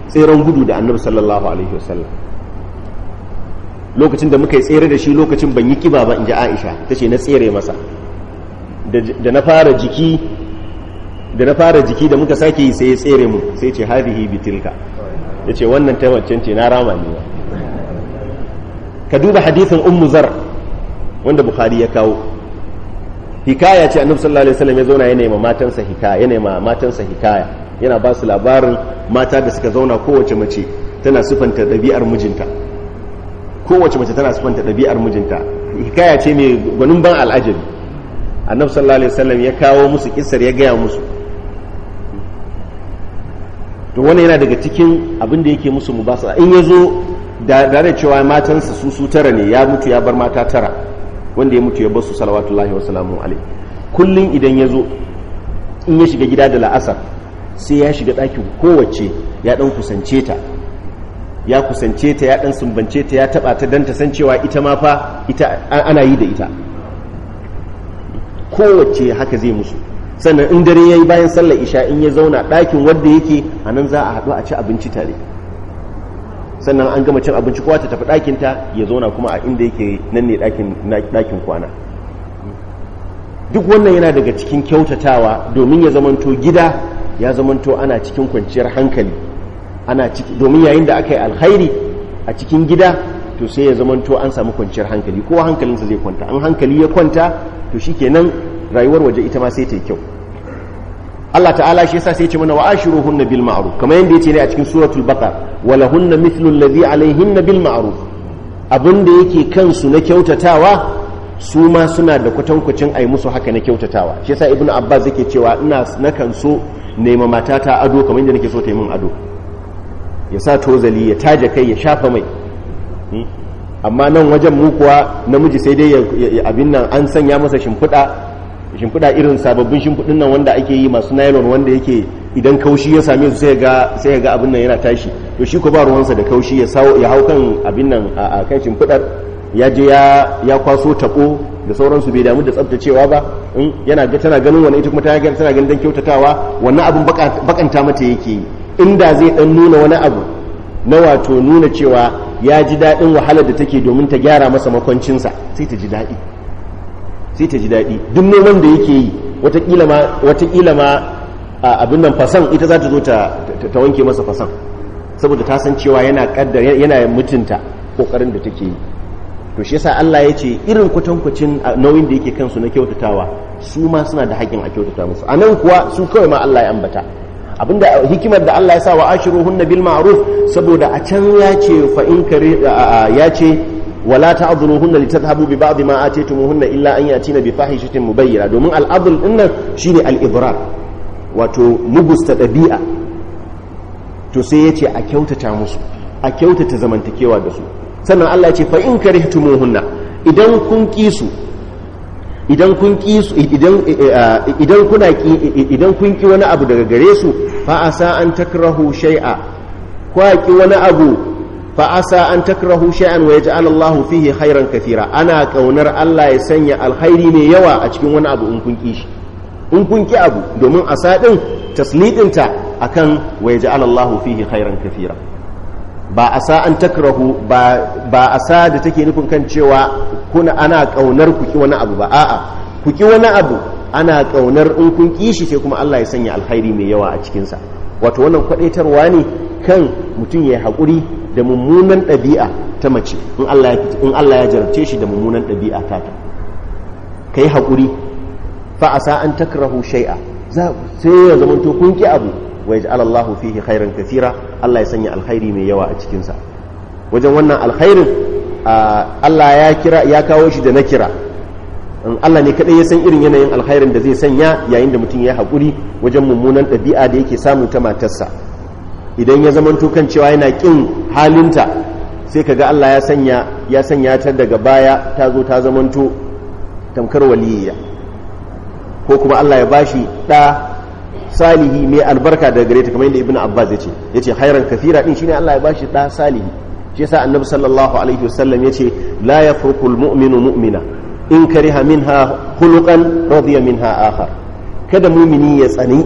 tseren gudu da annabi sallallahu alaihi wasallam lokacin da muka yi tsere da shi lokacin ban yi kiba ba in ji aisha ta ce na tsere masa da na fara jiki da na fara jiki da muka sake yi sai ya tsere mu sai ce hadhihi bitilka yace wannan taimakon ce na rama ne ka duba hadithin ummu zar wanda bukhari ya kawo hikaya ce annabi sallallahu alaihi wasallam ya zauna yana yi matansa hikaya yana yi matansa hikaya yana ba su labarin mata da suka zauna kowace mace tana sufanta ɗabi'ar mijinta kowace mace tana sufanta ɗabi'ar mijinta hikaya ce mai gwanin ban al'ajabi annabi sallallahu alaihi wasallam ya kawo musu kissar ya gaya musu to wannan yana daga cikin abin da yake musu mubasa in ya zo da da cewa matansa su su tara ne ya mutu ya bar mata tara wanda ya mutu ya bar su salawatullahi wa salamu alai kullum idan ya zo in ya shiga gida da la'asar sai ya shiga ɗakin kowace ya ɗan kusance ta ya kusance ta ya ɗan sumbance ta ya taɓa ta don ta san cewa ita ma fa ita ana yi da ita kowace haka zai musu sannan in dare ya yi bayan sallar isha in ya zauna ɗakin wanda yake a nan za a haɗu a ci abinci tare sannan an gama cin abinci kowa ta tafi ɗakinta ya zauna kuma a inda yake nan ne ɗakin kwana duk wannan yana daga cikin kyautatawa domin ya zamanto gida ya zamanto ana cikin kwanciyar hankali domin yayin da aka yi alkhairi a cikin gida to sai ya zamanto an samu kwanciyar hankali kowa hankalinsa zai kwanta an hankali ya kwanta to shi kenan rayuwar waje ita ma sai ta yi kyau Allah ta'ala shi yasa sai ya ce mana wa bil ma'ruf kamar yanda yake ne a cikin suratul baqar wala hunna mithlu alladhi alayhinna bil ma'ruf abin da yake kansu na kyautatawa su ma suna da kwatankwacin ai musu haka na kyautatawa shi yasa ibnu abbas yake cewa ina nakan so nema matata ado kamar yanda nake so ta yi min ado ya sa tozali ya taje kai ya shafa mai hmm? amma nan wajen mu kuwa namiji sai dai abin nan an sanya masa shimfiɗa shimfiɗa irin sababbin shimfiɗin nan wanda ake yi masu nylon wanda yake idan kaushi ya same su sai ga abin nan yana tashi to shi ko ba ruwansa da kaushi ya hau kan abin nan a kan shimfiɗar ya je ya kwaso tabo da sauransu bai damu da tsaftacewa ba in yana ga tana ganin wani ita kuma ta ga tana ganin dan kyautatawa wannan abin bakanta mata yake yi inda zai dan nuna wani abu na wato nuna cewa ya ji daɗin wahalar da take domin ta gyara masa makwancinsa sai ta ji daɗi sai ta ji daɗi duk noman da yake yi watakila ma abin nan fasan ita za ta zo ta wanke masa fasan saboda ta san cewa yana ƙaddar yana mutunta ƙoƙarin da take yi to shi yasa Allah ya ce irin kwatankwacin nauyin da yake kansu na kyautatawa su ma suna da haƙin a kyautata musu a nan kuwa su kawai ma Allah ya ambata abinda hikimar da Allah ya sa wa ashiruhunna bil ma'ruf saboda a can ya ce fa kare ya ce wala ta ta'dhuluhunna litadhhabu bi ba'd ma ataytumuhunna illa an yatina bi fahishatin mubayyana domin al'adl dinnan shine al-ibrar wato mugusta dabi'a to sai yace a kyautata musu a kyautata zamantakewa da su sannan Allah yace fa in karihtumuhunna idan kun kisu idan kun kisu idan idan kuna idan kun ki wani abu daga gare su fa asa an takrahu shay'a kwa ki wani abu fa asa an takrahu shay'an wa yaj'al Allahu fihi khairan kathira ana kaunar Allah ya sanya alkhairi mai yawa a cikin wani abu in kun ki shi in kun ki abu domin asa din taslidin ta akan wa yaj'al Allahu fihi khairan kathira ba asa an takrahu ba ba asa da take nufin kan cewa kuna ana kaunar ku ki wani abu ba a'a ku ki wani abu ana kaunar in kun ki shi sai kuma Allah ya sanya alkhairi mai yawa a cikin sa wato wannan kwadaitarwa ne kan mutum ya haƙuri da mummunan ɗabi'a ta mace in Allah ya jarabce shi da mummunan ɗabi'a ta ta ka yi haƙuri fa'asa an takrahu shai'a sai ya zamanto to kunki abu wai ji alallahu fi khairan kasira Allah ya sanya alkhairi mai yawa a cikinsa wajen wannan alkhairin Allah ya kira ya kawo shi da na kira Allah ne kaɗai ya san irin yanayin alkhairin da zai sanya yayin da mutum ya haƙuri wajen mummunan ɗabi'a da yake samu ta matarsa idan ya zama tukan cewa yana kin halinta sai kaga Allah ya sanya ya sanya ta daga baya ta zo ta zamanto tamkar waliyya ko kuma Allah ya bashi da salihi mai albarka daga gare ta kamar yadda ibnu abbas yace yace khairan kathira din shine Allah ya bashi da salihi shi yasa annabi sallallahu alaihi wasallam yace la yafruqul mu'minu mu'mina in kariha minha khuluqan radiya minha akhar kada mumini ya tsani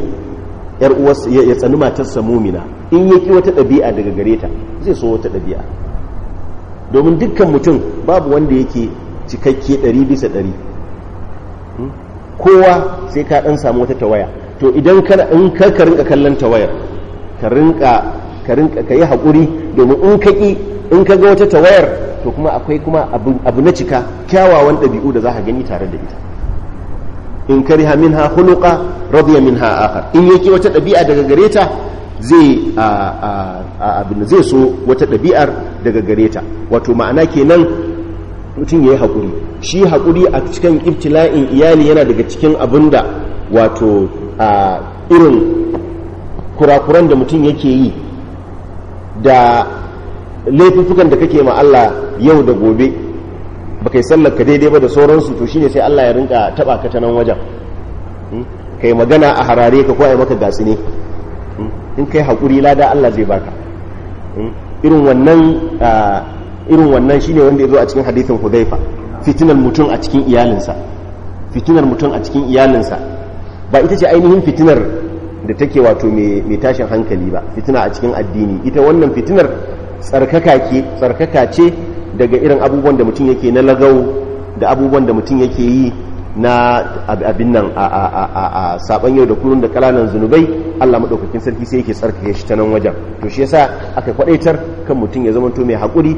yar uwarsa ya tsani matarsa mumina in ya ki wata ɗabi'a daga gare ta zai so wata ɗabi'a domin dukkan mutum babu wanda yake cikakke ɗari bisa ɗari hmm? kowa sai ka ɗan samu wata tawaya to idan ka in ka ka rinka kallon tawayar ka rinka ka rinka ka yi haƙuri domin in ka ƙi in ka ga wata tawayar to kuma akwai kuma abu na cika kyawawan ɗabi'u da za ka gani tare da ita in kariha minha khuluqa radiya minha akhar in yake wata ɗabi'a daga gare ta zai so wata ɗabi'ar daga gare ta wato ma'ana kenan mutum yayi hakuri shi hakuri a cikin ibtila'in iyali yana daga cikin abinda wato a irin kurakuran da mutum yake yi da laifuffukan da kake ma Allah yau da gobe baka yi sallar ka daidai ba da sauransu to shine sai Allah ya rinka taba ka ta nan wajen hmm? kai magana a harare ka ko ai maka gasi ne hmm? in kai hakuri lada Allah zai baka hmm? irin wannan irin wannan shine wanda zo a cikin hadithin hudaifa fitinar mutum a cikin iyalinsa fitinar mutum a cikin iyalinsa ba ita ce ainihin fitinar da take wato mai tashin hankali ba fitina a cikin addini ita wannan fitinar tsarkaka ke tsarkaka ce daga irin abubuwan da mutum yake na lagau da abubuwan da mutum yake yi na abin nan a saban yau da kullum da kalanan zunubai Allah maɗaukakin sarki sai yake tsarkake shi ta nan wajen to shi yasa aka kwadaitar kan mutum ya zamanto mai haƙuri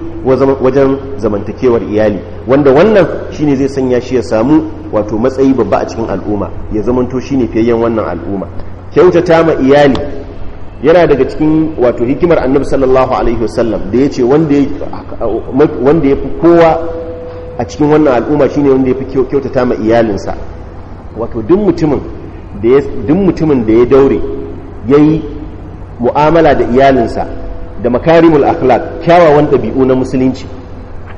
wajen zamantakewar iyali wanda wannan shi ne zai sanya shi ya samu wato matsayi babba a cikin al'umma ya zamanto shi shine fiyayyen wannan al'umma kyautata ma iyali yana daga cikin wato hikimar annabi sallallahu alaihi wasallam da ya ce wanda ya fi kowa a cikin wannan al'umma shine wanda ya fi kyautata ma iyalinsa wato duk mutumin da ya daure ya yi mu'amala da iyalinsa da makarimul akhlaq kyawawan ɗabi'u na musulunci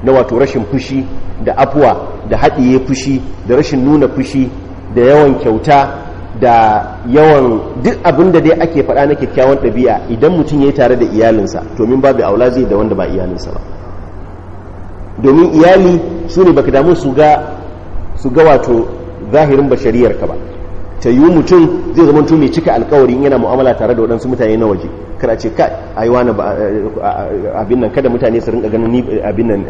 na wato rashin fushi da afuwa da haɗiye fushi da rashin nuna fushi da yawan kyauta da yawan duk abin da dai ake faɗa na kyakkyawan ɗabi'a idan mutum ya yi tare da iyalinsa domin babu aula zai da wanda ba iyalinsa ba domin iyali su ne baka damu su ga su wato zahirin bashariyarka ba ta yi mutum zai zama mai cika alkawari yana mu'amala tare da waɗansu mutane na waje kada ce kai ai wani eh, abin nan kada mutane su rinka ganin abin nan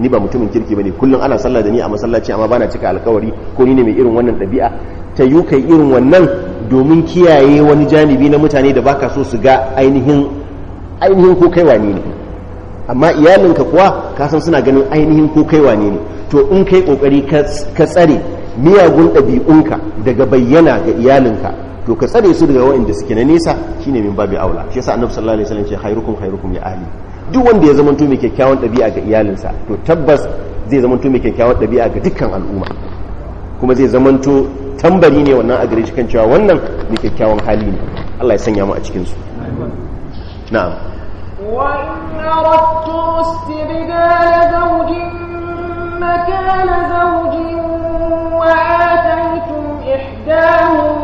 ni ba mutumin kirki bane kullum ana sallah da ni a masallaci amma bana cika alkawari ko ni ne mai irin wannan ɗabi'a ta yi kai irin wannan domin kiyaye wani janibi na mutane da baka so su ga ainihin ainihin ko kai wani ne amma iyalinka kuwa ka san suna ganin ainihin ko kai wani ne to in kai kokari ka tsare miyagun ɗabi'unka daga bayyana ga iyalinka to ka tsare su daga waɗanda suke na nesa shine min babu aula shi yasa annabi sallallahu alaihi wasallam ce khairukum khairukum ya ahli duk wanda ya zamanto mai kyakkyawan ɗabi'a ga iyalinsa to tabbas zai zamanto mai kyakkyawan ɗabi'a ga dukkan al'umma kuma zai zamanto tambari ne wannan a gare shi kan cewa wannan mai kyakkyawan hali ne Allah ya sanya mu a cikin su na'am wa in aradtum istibdala zawjin makana zawjin wa ataytum ihdahu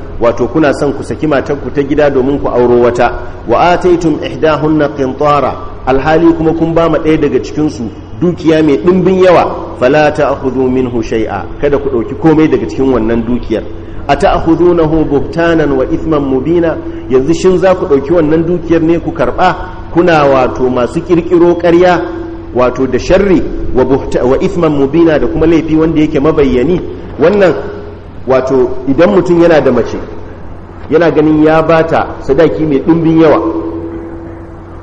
wato kuna son ku saki matarku ta gida domin ku auro wata wa ataitum ihdahunna qintara alhali kuma kun ba ma ɗaya daga cikin su dukiya mai dimbin yawa fala ta'khudhu minhu shay'a kada ku dauki komai daga cikin wannan dukiyar a ata'khudunahu buhtanan wa ithman mubina yanzu shin za ku dauki wannan dukiyar ne ku karɓa kuna wato masu kirkiro ƙarya wato da sharri wa ithman mubina da kuma laifi wanda yake mabayyani wannan wato idan mutum yana da mace yana ganin ya bata sadaki mai ɗumbin yawa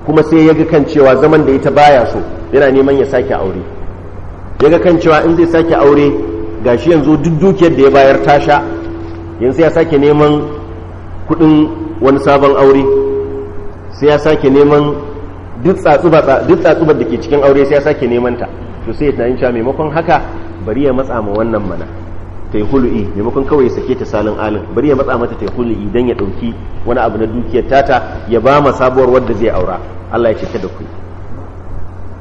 kuma sai ya ga kan cewa zaman da ita baya so yana neman ya sake aure ya ga kan cewa in zai sake aure gashi yanzu duk dukiyar da ya bayar tasha yanzu ya sake neman kuɗin wani sabon aure sai ya sake neman duk tsatsubar da ke cikin aure sai ya sake neman ta to sai ya tunanin cewa maimakon haka bari ya matsa ma wannan mana ta yi hulu'i maimakon kawai ya sake ta salin alin bari ya matsa mata ta yi hulu'i don ya ɗauki wani abu na dukiyar tata ya ba ma sabuwar wadda zai aura Allah ya ce kada ku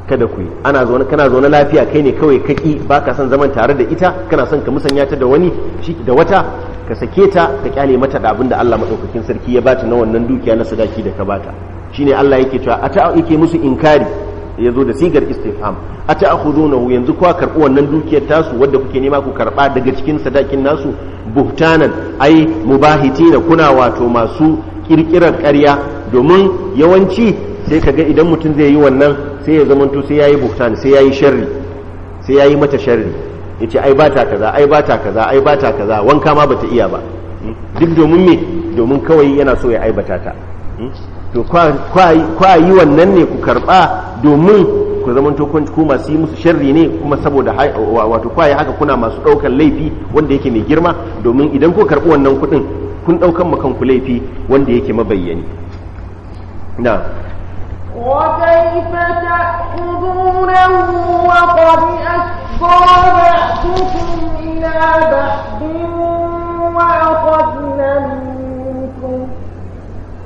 kada ku ana zaune kana zaune lafiya kai ne kawai kaki baka son zaman tare da ita kana son ka musanya ta da wani shi da wata ka sake ta ka kyale mata da abin da Allah madaukakin sarki ya bata na wannan dukiya na sadaki da ka bata shine Allah yake cewa ata yake musu inkari ya zo da sigar istifham a ta'khudunahu yanzu kwa karɓi wannan dukiyar tasu wadda kuke nema ku karɓa daga cikin sadakin nasu buhtanan ai mubahitina kuna wato masu ƙirƙirar ƙarya domin yawanci sai kaga idan mutum zai yi wannan sai ya zamanto sai yayi buhtan sai yayi sharri sai yayi mata sharri yace ai bata kaza ai bata kaza ai bata kaza wanka ma bata iya ba hmm? duk domin me domin kawai yana so ya aibata ta hmm? to kwa yi wannan ne ku karba domin ku zama ku masu yi musu sharri ne kuma saboda wato kwa yi haka kuna masu ɗaukar laifi wanda yake mai girma domin idan ku karɓi wannan kuɗin kun ɗaukan kanku laifi wanda yake mabayyani na وكيف تأخذونه وقد أسقى بعضكم إلى بعض وأخذنا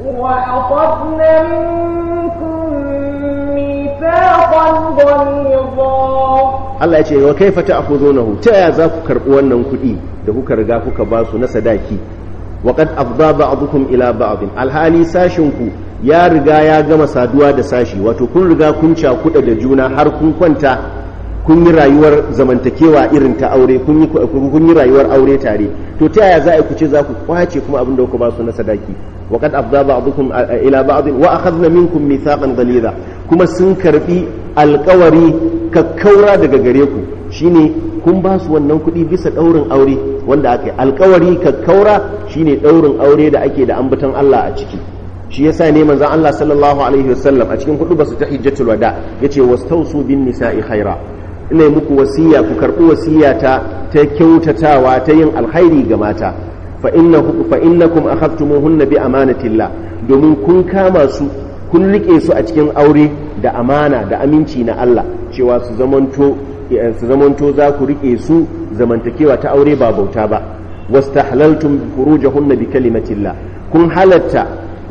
وأخذنا منكم ميثاقا غليظا Allah ya ce wa kaifa ta'khudunahu ta ya za ku karɓi wannan kuɗi da kuka riga kuka ba su na sadaki wa qad a ba'dukum ila ba'd alhali sashin ku ya riga ya gama saduwa da sashi wato kun riga kun cakuɗa da juna har kun kwanta kun yi rayuwar zamantakewa irin ta aure kun yi rayuwar aure tare to ta yaya za a ku ce za ku kwace kuma abin da kuka ba su na sadaki wa qad afda ba'dukum ila ba'd wa akhadna minkum mithaqan ghalidha kuma sun karbi alƙawari kakkaura daga gare ku shine kun ba su wannan kuɗi bisa ɗaurin aure wanda aka yi alkawari kakkaura shine ɗaurin aure da ake da ambaton Allah a ciki shi yasa ne manzon Allah sallallahu alaihi wasallam a cikin kuɗu basu ta hijjatul wada yace wastausu bin nisa'i khaira ina muku wasiya ku karɓi wasiya ta ta kyautatawa ta yin alkhairi ga mata fa innahu fa innakum hunna bi amanatillah domin kun kama su kun rike su a cikin aure da amana da aminci na Allah cewa su zamanto za ku rike su zamantakewa ta aure ba bauta ba wastahlaltum furujahunna bi kalimatillah kun halatta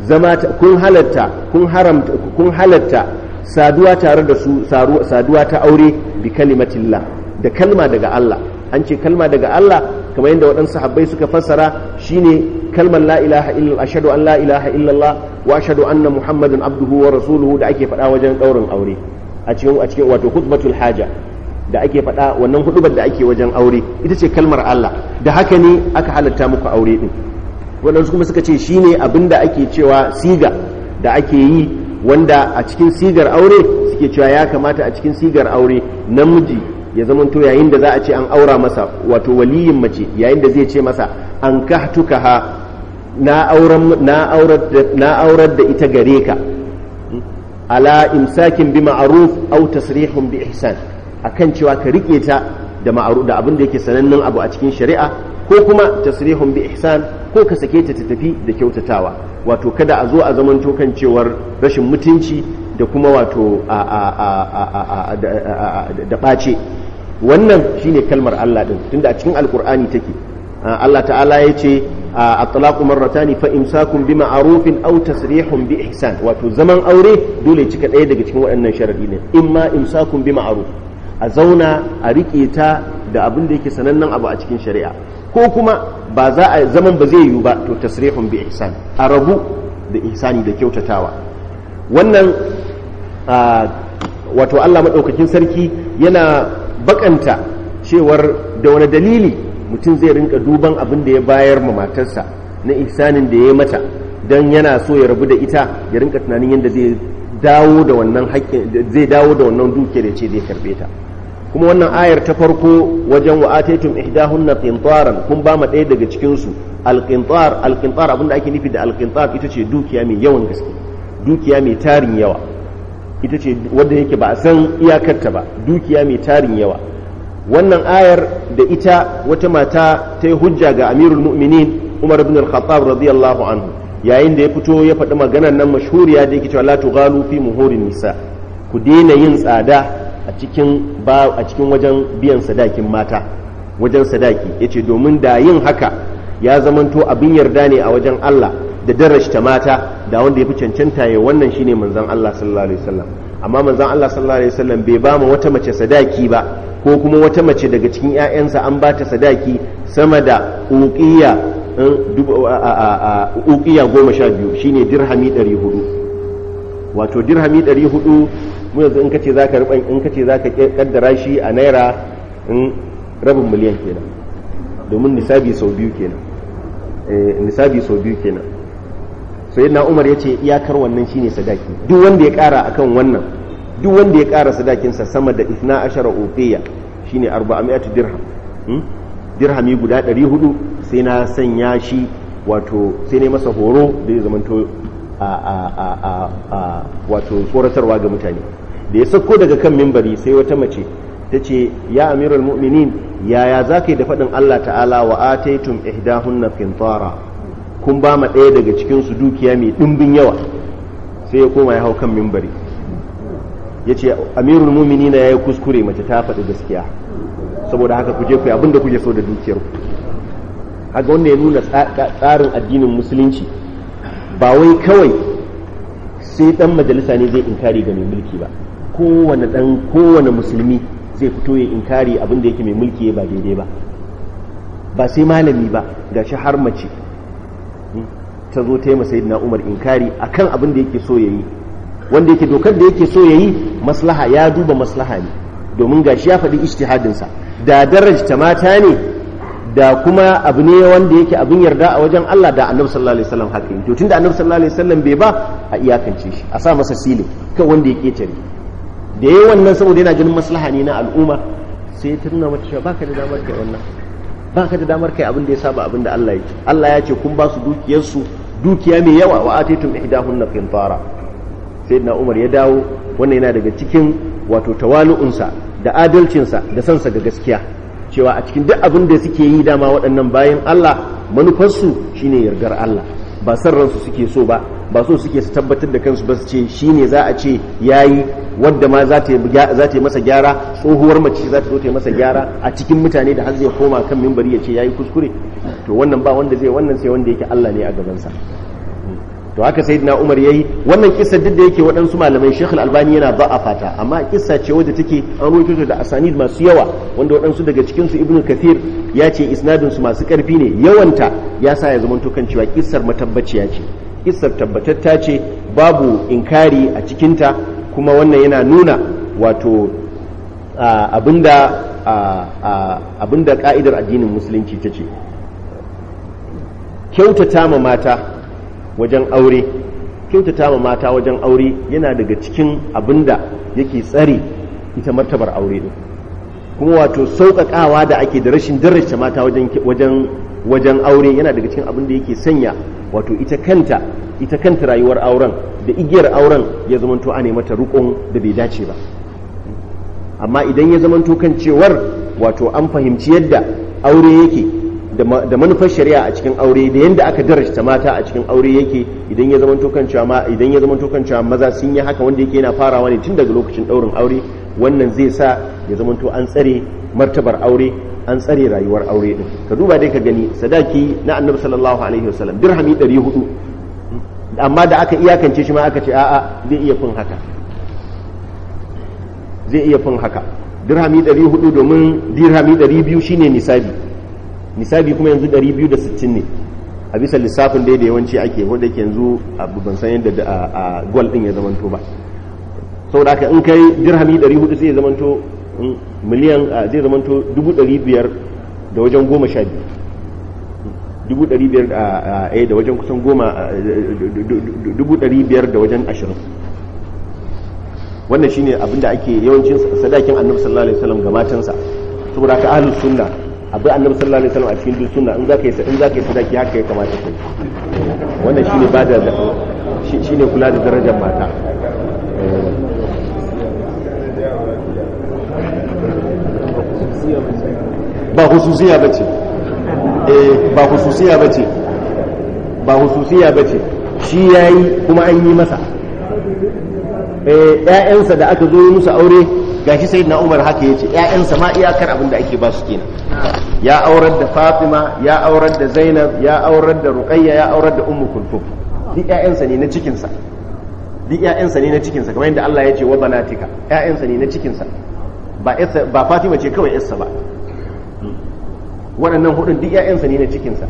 zama kun halatta kun haramta kun halatta saduwa tare da su saduwa ta aure bi kalimatillah da kalma daga Allah an ce kalma daga Allah kamar yadda waɗansu habbai suka fassara shine kalmar la ilaha illallah ashhadu an la ilaha illallah wa ashhadu anna muhammadun abduhu wa rasuluhu da ake faɗa wajen ɗaurin aure a cikin a cikin wato khutbatul haja da ake faɗa wannan hudubar da ake wajen aure ita ce kalmar Allah da haka ne aka halatta muku aure din waɗansu kuma suka ce shine abinda ake cewa siga da ake yi wanda a cikin sigar aure suke cewa ya kamata a cikin sigar aure namiji ya zamanto yayin da za a ce an aura masa wato waliyin mace yayin da zai ce masa an ka na ha na aurar da ita gare ka ala imsakin bi ma'aruf au tasrihun bi ihsan akan cewa ka rike ta da da abin da yake sanannen abu a cikin shari'a ko kuma tasrihun bi ihsan ko ka sake ta tafi da kyautatawa wato kada a zo a zamanto tokan cewar rashin mutunci da kuma wato da ɓace wannan shine kalmar Allah din tunda a cikin alkur'ani take Allah ta'ala ya ce a talaku marratani fa imsakun bi ma'arufin aw tasrihun bi ihsan wato zaman aure dole cika ɗaya daga cikin waɗannan sharadi ne imma imsakun bi ma'ruf a zauna a riƙe ta da abin da yake sanannen abu a cikin shari'a ko kuma ba za a zaman ba zai yiwu ba to tasrihun bi ihsan a rabu da ihsani da kyautatawa wannan wato Allah maɗaukakin sarki yana bakanta cewar da wani dalili mutum zai rinka duban abin da ya bayar ma matarsa na ihsanin da ya mata dan yana so ya rabu da ita ya rinka tunanin yadda zai dawo da wannan haƙƙin zai dawo da wannan duke da ce zai karbe ta kuma wannan ayar ta farko wajen wa ihda ihdahunna qintaran kun ba ma ɗaya daga cikin su alqintar alqintar abinda ake nufi da alqintar ita ce dukiya mai yawan gaske dukiya mai tarin yawa ita ce wanda yake ba a san iyakarta ba dukiya mai tarin yawa wannan ayar da ita wata mata ta yi hujja ga amirul mu'minin umar ibn al-khattab radiyallahu anhu yayin da ya fito ya faɗi maganar nan mashhuriya da yake cewa la tughalu fi muhurin nisa ku daina yin tsada a cikin wajen biyan sadakin mata wajen sadaki yace domin da yin haka ya zamanto abin yarda ne a wajen Allah da darashta mata da wanda ya fi cancanta ya wannan shine manzon Allah sallallahu alaihi wasallam amma manzon Allah sallallahu alaihi wasallam bai ba mu wata mace sadaki ba ko kuma wata mace daga cikin 'ya'yansa an ba ta sadaki sama da uqiya eh, uqiya goma sha biyu shine dirhami ɗari hudu wato dirhami 400 mu yanzu in kace zaka ruban in kace zaka kaddara shi a naira in rabin miliyan kenan domin nisabi sau biyu kenan eh nisabi sau biyu kenan na Umar yace iyakar wannan shine sadaki duk wanda ya kara akan wannan duk wanda ya kara sadakin sa sama da 12 ufiya shine 400 dirham hmm? dirhami guda 400 sai na sanya shi wato sai ne masa horo da ya zamanto wato tsoratarwa ga mutane da ya sauko daga kan mimbari sai wata mace ta ce ya amiral mu'minin yaya za ka yi da faɗin allah ta'ala wa ataitum na fintara kun ba ma ɗaya daga cikinsu dukiya mai ɗimbin yawa sai ya koma ya hau kan mimbari ya ce amirul mu'minina ya yi kuskure mace ta faɗi gaskiya saboda haka ku ku abin kuke so da dukiyar ku haka wanda ya nuna tsarin addinin musulunci ba wai kawai sai dan majalisa ne zai inkari ga mai mulki ba kowane dan kowane musulmi zai fito ya inkari abin da yake mai mulki ba daidai ba ba sai malami ba ga shi har mace hmm, ta zo ta yi masa yadda umar inkari a abin da yake so ya yi wanda yake dokar da yake so ya yi maslaha ya duba maslaha ne domin ga shi ya faɗi ishtihadinsa da darajta mata ne da kuma abu ne wanda yake abin yarda a wajen Allah da annabi sallallahu alaihi wasallam haka to tunda annabi sallallahu alaihi wasallam bai ba a iyakance shi a sa masa sile kan wanda ya tare da yayin wannan saboda yana ganin maslaha ne na al'umma sai ta mata cewa baka da damar kai wannan baka da damar kai abin da ya saba abin da Allah yake Allah ya ce kun ba su dukiyar su dukiya mai yawa wa atitum ihdahunna qintara sayyidina Umar ya dawo wannan yana daga cikin wato tawalu'unsa da adalcinsa da sansa ga gaskiya cewa a cikin duk abin da suke yi dama waɗannan bayan Allah manufarsu shine yardar Allah ba san ransu suke so ba ba so suke su tabbatar da kansu ba su ce shine za a ce yayi wadda ma za ta yi masa gyara tsohuwar mace za ta zo ta yi masa gyara a cikin mutane da har zai koma kan mimbari ya ce yayi kuskure to wannan ba wanda zai wannan sai wanda yake Allah ne a gabansa to haka na umar yayi wannan kissa duk da yake waɗansu malamai shekul albani yana za'afa fata amma kissa ce wadda take an ruwaito da asanid masu yawa wanda waɗansu daga cikin su ibnu kathir ya ce isnadin su masu ƙarfi ne yawanta ya sa ya zama kan cewa kissar matabbaciya ce kissar tabbatatta ce babu inkari a cikinta kuma wannan yana nuna wato abinda abinda ka'idar addinin musulunci ta ce kyautata ma mata wajen aure kyautata ma mata wajen aure yana daga cikin abinda yake tsare ita martabar aure din kuma wato sauƙaƙawa da ake da rashin daraja mata wajen wajen aure yana daga cikin abin yake sanya wato ita kanta ita kanta rayuwar auren da igiyar auren ya zamanto a ne mata rukun da bai dace ba amma idan ya zamanto kan cewar wato an fahimci yadda aure yake da manufar shari'a a cikin aure da yadda aka darajta mata a cikin aure yake idan ya zama tokan cewa idan ya zama tokan cewa maza sun yi haka wanda yake yana farawa ne tun daga lokacin daurin aure wannan zai sa ya zama to an tsare martabar aure an tsare rayuwar aure din ka duba dai ka gani sadaki na annabi sallallahu alaihi wasallam dirhami 400 amma da aka iyakance shi ma aka ce a'a zai iya fin haka zai iya fin haka dirhami 400 domin dirhami 200 shine nisabi nisabi kuma yanzu 260 ne a bisa lissafin da yawanci ake wadda ke yanzu abu ban san yadda a gwal din ya zamanto ba saboda aka in kai dirhami 400 zai zamanto miliyan zai zamanto 500 da wajen goma sha biyu dubu biyar eh, da wajen kusan goma eh, eh, dubu ɗari biyar da wajen ashirin wannan shine abinda ake yawancin sadakin annabi sallallahu alaihi wasallam ga matansa saboda haka ahlus sunna akwai annabi sallallahu alaihi wasallam a cikin duk sunna in zaka yi in zaka yi sadaki haka ya kamata kai wannan shine ba da shine kula da darajar mata ba hususiya bace eh ba hususiya bace eh, ba hususiya bace shi yayi kuma an yi masa eh ƴaƴansa da aka zo musu aure gashi sai na umar haka ya ce ‘ya'yansa ma iyakar abin da ake ba su kenan ya aurar da fatima ya aurar da zainab ya aurar da ruqayya ya aurar da ummu kulthum duk ‘ya'yansa ne na cikinsa duk ‘ya'yansa ne na cikinsa kamar yadda Allah ya ce wa banatika ‘ya'yansa ne na cikinsa ba ba fatima ce kawai ‘yarsa ba waɗannan hudun duk ‘ya'yansa ne na cikinsa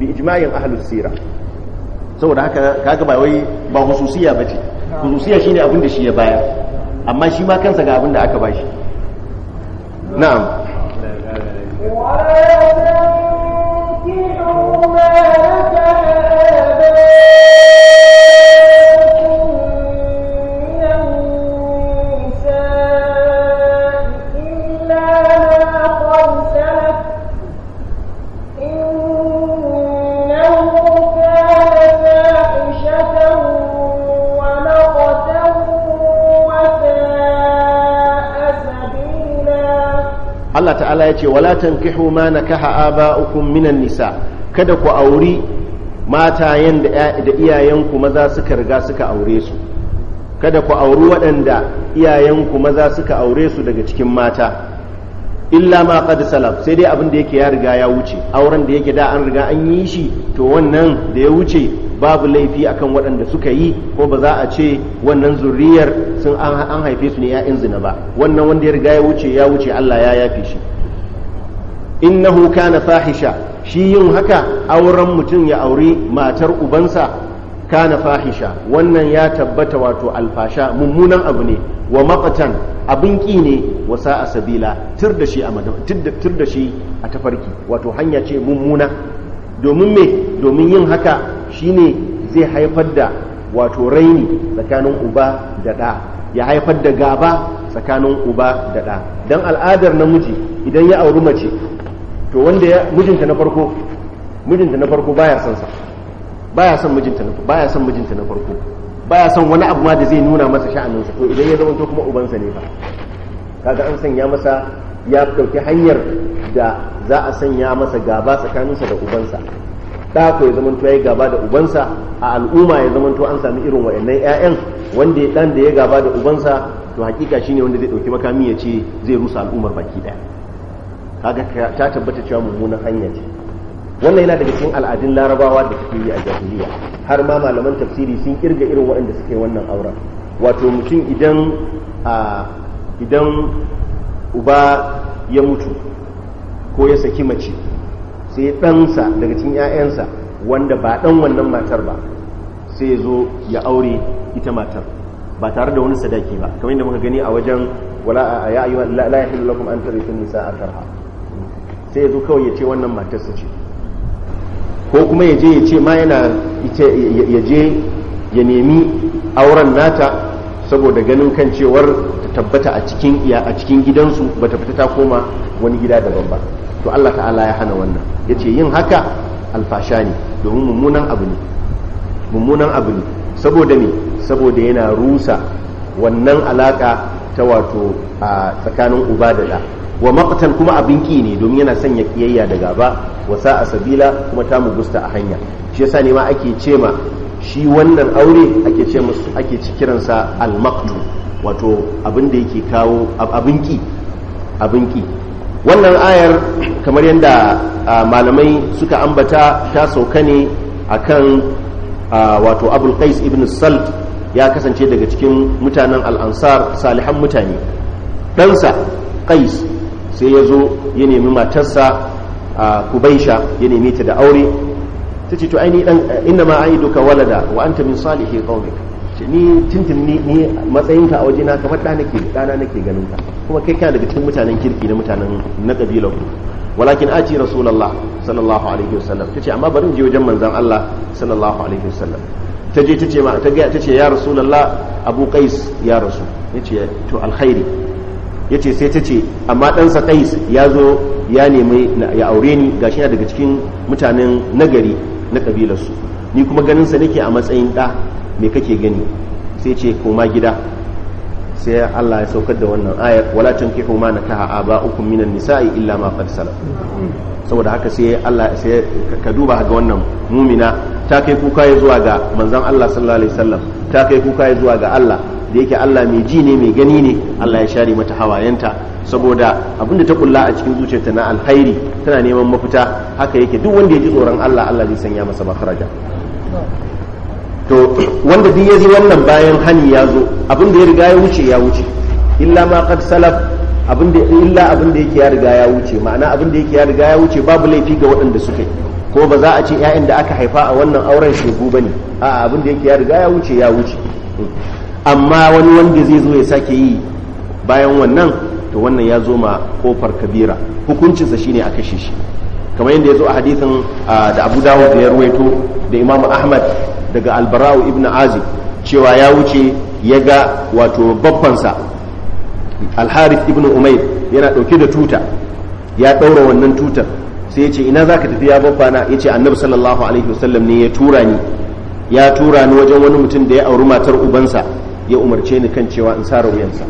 bi ijma'in ahlus sira saboda haka kaga ba wai ba hususiya bace hususiya shine abin da shi ya bayar amma shi ma kansa ga abin da aka bashi na'am ولا تنكحوا ما Allah ta'ala ya ce wala tankihu ma nakaha aba'ukum minan nisa kada ku auri yanda da iyayenku maza suka riga suka aure su kada ku auri waɗanda iyayenku maza suka aure su daga cikin mata illa ma qad salaf sai dai abin da yake ya riga ya wuce auren da yake da an riga an yi shi to wannan da ya wuce babu laifi akan waɗanda suka yi ko ba za a ce wannan zuriyar sun an haife su ne ya'yan zina ba wannan wanda ya riga ya wuce ya wuce Allah ya yafe shi innahu kana fahisha shi yin haka auren mutum ya auri matar ubansa kana fahisha wannan ya tabbata wato alfasha mummunan abu ne wa maqatan abin ki ne wa sa'a sabila tur shi a da shi a tafarki wato hanya ce mummuna domin me domin yin haka shine zai haifar da wato raini tsakanin uba da da. ya haifar da gaba tsakanin uba da ɗa don al'adar namiji idan ya auri mace to wanda ya mijinta na farko mijinta na farko baya son sa baya son mijinta na baya son mijinta na farko baya son wani abu ma da zai nuna masa sha'anin sa to idan ya zama to kuma ubansa ne fa kaga an sanya masa ya dauki hanyar da za a sanya masa gaba tsakaninsa da ubansa da ko ya zamanto yi gaba da ubansa a al'umma ya zamanto an sami irin waɗannan 'ya'yan wanda dan da ya gaba da ubansa to hakika shine wanda zai dauki makami ya ce zai rusa al'ummar baki daya kaga ta tabbata cewa mummunan hanya ce wannan yana daga cikin al'adun larabawa da suke yi a jahiliya har ma malaman tafsiri sun kirga irin waɗanda suke wannan auren wato mutum idan a idan uba ya mutu ko ya saki mace sai ɗansa daga cikin 'ya'yansa wanda ba ɗan wannan matar ba sai zo ya aure ita matar ba tare da wani sadaki ba kamar yadda muka gani a wajen wala a ya ayyuha la lakum an nisa a karha sai zo kawai ya ce wannan matar su ce ko kuma ya je ya ce ma yana ya je ya nemi auren nata saboda ganin kan cewar ta tabbata a cikin iya a cikin gidansu bata fita ta koma wani gida daban ba to Allah ta'ala ya hana wannan Ya ce yin haka alfasha ne domin mummunan abu ne mummunan abu ne saboda ne saboda yana rusa wannan alaka ta wato a tsakanin uba da da wa maqtal kuma abin ne domin yana sanya kiyayya da gaba wa sa'a sabila kuma ta gusta a hanya shi yasa ne ma ake ce shi wannan aure ake ce musu ake kiransa al maqtu wato abin da yake kawo abin ki wannan ayar kamar yadda malamai suka ambata ta sauka ne akan wato abul qais ibn salt ya kasance daga cikin mutanen al ansar salihan mutane ɗansa qais sai ya zo ya nemi matarsa a kubaisha ya nemi ta da aure ta ce to aini dan inna ma aidu ka walada wa anta min salihi qaumik ni tintin ni ni matsayinka a wajena kamar da nake dana nake ganin ka kuma kai kana daga cikin mutanen kirki na mutanen na kabilar ku walakin aci rasulullah sallallahu alaihi wasallam ce amma bari in je wajen manzon Allah sallallahu alaihi wasallam ta je ta ce ma ta ga ce ya rasulullah abu qais ya rasul ce to alkhairi yace sai ta ce amma ɗansa qais ya zo ya nemi ya aure ni gashi yana daga cikin mutanen nagari na kabilarsu ni kuma ganin sa nake a matsayin ɗa me kake gani sai ce koma gida sai Allah ya saukar da wannan ayar wala tankihu ma ba uku minan nisa'i illa ma qad saboda haka sai Allah sai ka duba ga wannan mumina ta kai kuka ya zuwa ga manzan Allah sallallahu alaihi wasallam ta kai kuka ya zuwa ga Allah da yake Allah mai ji ne mai gani ne Allah ya share mata hawayenta saboda abinda ta kulla a cikin zuciyarta na alkhairi tana neman mafita haka yake duk wanda ya ji tsoron Allah Allah zai sanya masa makaraja to wanda duk ya ji wannan bayan hani ya zo abinda ya riga ya wuce ya wuce illa ma qad salaf abinda illa abinda yake ya riga ya wuce ma'ana abinda yake ya riga ya wuce babu laifi ga waɗanda suka yi ko ba za a ce 'ya'yan da aka haifa a wannan auren shegu ba ne a abin da yake ya riga ya wuce ya wuce amma wani wanda zai zo ya sake yi bayan wannan to wannan ya zo ma kofar kabira hukuncinsa shine a kashe shi kamar yadda ya zo a hadithin da abu dawud da ya ruwaito da imam ahmad daga albarau ibn azib cewa ya wuce ya ga wato babbansa alharif ibn umair yana ɗauke da tuta ya ɗaura wannan tutar sai ya ce ina za ka tafi ya babba na ya ce annabi sallallahu alaihi wasallam ne ya tura ni ya tura ni wajen wani mutum da ya auri matar ubansa ya umarce ni kan cewa in sara wuyansa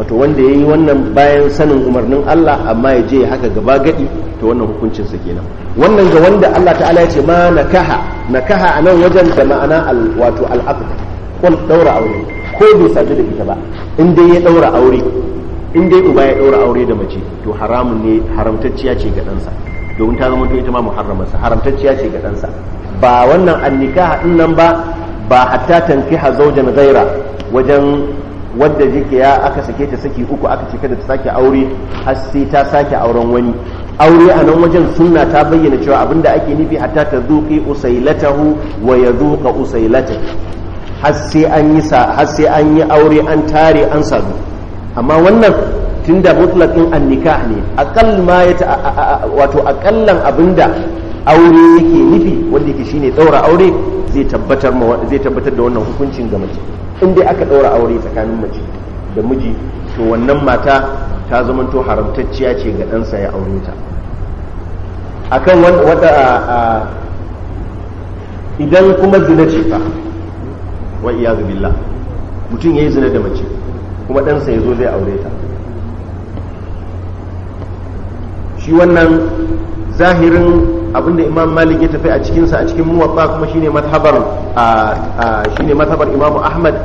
wato wanda ya yi wannan bayan sanin umarnin Allah amma ya je ya haka gaba gadi to wannan hukuncinsa kenan wannan ga wanda Allah ta'ala ya ce ma nakaha nakaha a nan wajen da ma'ana wato al'aqd kun daura aure ko bai sadu da ita ba in dai ya daura aure in dai uba ya daura aure da mace to haramun ne haramtacciya ce ga ɗansa domin ta zama to ita ma muharramarsa haramtacciya ce ga ɗansa ba wannan annikaha ɗin nan ba ba hatta tankiha zaujan ghaira wajen wadda jikiya aka sake ta saki uku aka ce kada ta sake aure har sai ta sake auren wani aure a nan wajen sunna ta bayyana cewa abinda ake nufi hatta ta zuƙi usailatahu wa ya zuƙa usailata har sai an yi har sai an yi aure an tare an sadu amma wannan tunda mutlaqin annikah ne aqall ma ya wato aqallan abinda aure yake nufi wanda yake shine daura aure zai tabbatar da wannan hukuncin ga mace in dai aka ɗaura aure tsakanin mace da miji to wannan mata ta zamanto haramtacciya ce ga ɗansa ya aure ta akan idan kuma zina ce fa wa iyazu billah mutum yayi zina da mace kuma ɗansa ya zo zai aure ta shi wannan zahirin abinda imam malik ya tafi a cikinsa a cikin muwatta kuma shine mazhabar shine mazhabar imamu ahmad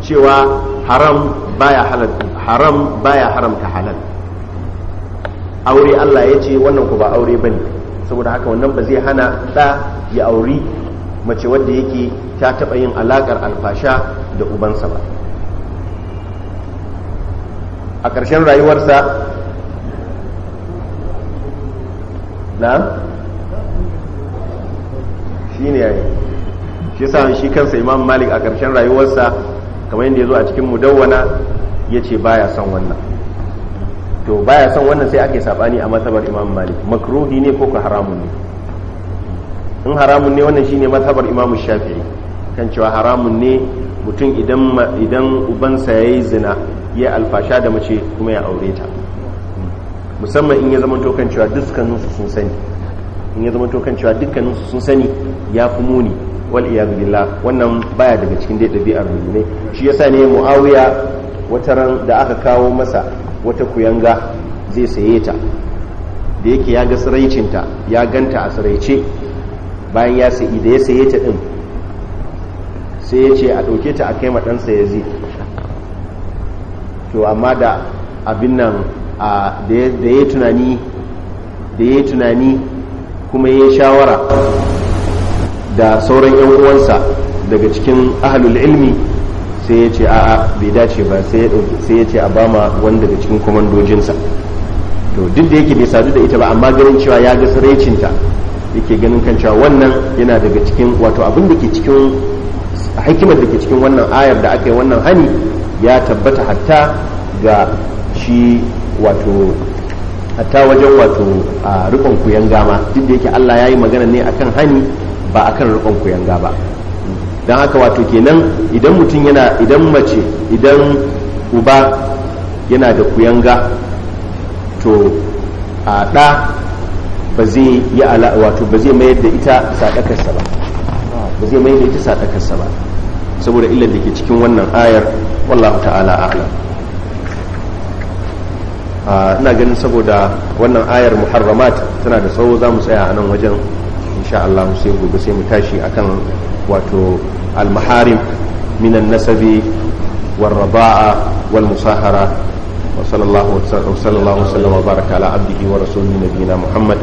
cewa haram baya halal haram baya haramta halal aure Allah ya ce wannan ku ba aure bane saboda haka wannan ba zai hana da ya auri mace wadda yake ta taɓa yin alaƙar alfasha da ubansa ba a ƙarshen rayuwarsa na ne yayi shi yasa shi kansa imam malik a ƙarshen rayuwarsa kamar yadda ya zo a cikin mudawwana ya ce baya son wannan to baya son wannan sai ake sabani a matsabar imam malik makruhi ne ko ka haramun ne in haramun ne wannan shine matsabar imam shafi'i kan cewa haramun ne mutum idan idan ubansa yayi zina ya alfasha da mace kuma ya aure ta musamman in ya zama to kan cewa dukkaninsu sun sani in ya zama to kan cewa dukkanin su sun sani ya fi muni wal iyadu billah wannan baya daga cikin dai ɗabi'ar ne. shi yasa ne muawiya wata ran da aka kawo masa wata kuyanga zai saye ta da yake ya ga tsiraicinta ya ganta a tsiraice bayan ya sai da ya saye ta din sai ya ce a ɗauke ta a kai ɗansa ya zai to amma da abin nan da ya tunani da ya tunani kuma ya shawara da sauran 'yan uwansa daga cikin ahalul ilmi sai ya ce a'a bai dace ba sai ya ce a bama wani daga cikin kwamandojinsa to duk da yake bai sadu da ita ba amma ganin cewa ya ga sarecinta yake ganin kan cewa wannan yana daga cikin wato abin da ke cikin hikimar da ke cikin wannan ayar da aka yi wannan hani ya tabbata hatta ga shi wato hatta wajen wato rikon kuyanga ma duk da yake Allah ya yi magana ne akan hani ba akan rikon kuyanga ba don haka wato kenan idan mutum yana idan mace idan uba yana da kuyanga to a ɗa ba zai yi ala wato ba zai mayar da ita sadakarsa ba ba zai mayar da ita sadakarsa ba saboda illar da ke cikin wannan ayar wallahu ta'ala a'lam Ah, ina ganin saboda wannan ayar muharramat tana da tsawo za mu tsaya a nan wajen insha Allah sai gobe sai mu tashi akan wato al-maharim minan nasabi wal raba'a wal musahara wa sallallahu wa sallam wa baraka ala abdihi wa rasulihi nabiyina muhammad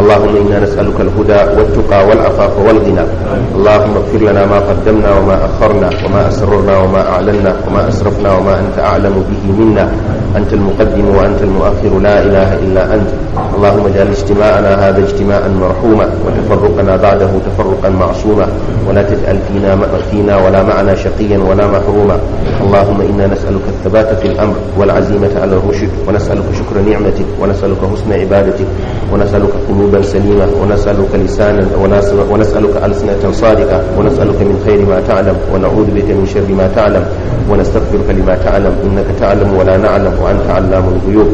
اللهم إنا نسألك الهدى والتقى والعفاف والغنى اللهم اغفر لنا ما قدمنا وما أخرنا وما أسررنا وما أعلنا وما أسرفنا وما أنت أعلم به منا أنت المقدم وأنت المؤخر لا إله إلا أنت اللهم اجعل اجتماعنا هذا اجتماعا مرحوما وتفرقنا بعده تفرقا معصوما ولا تجعل فينا فينا ولا معنا شقيا ولا محروما اللهم إنا نسألك الثبات في الأمر والعزيمة على الرشد ونسألك شكر نعمتك ونسألك حسن عبادتك ونسألك قنوع قلوبا سليمة ونسألك لسانا ونسألك ألسنة صادقة ونسألك من خير ما تعلم ونعوذ بك من شر ما تعلم ونستغفرك لما تعلم إنك تعلم ولا نعلم وأنت علام الغيوب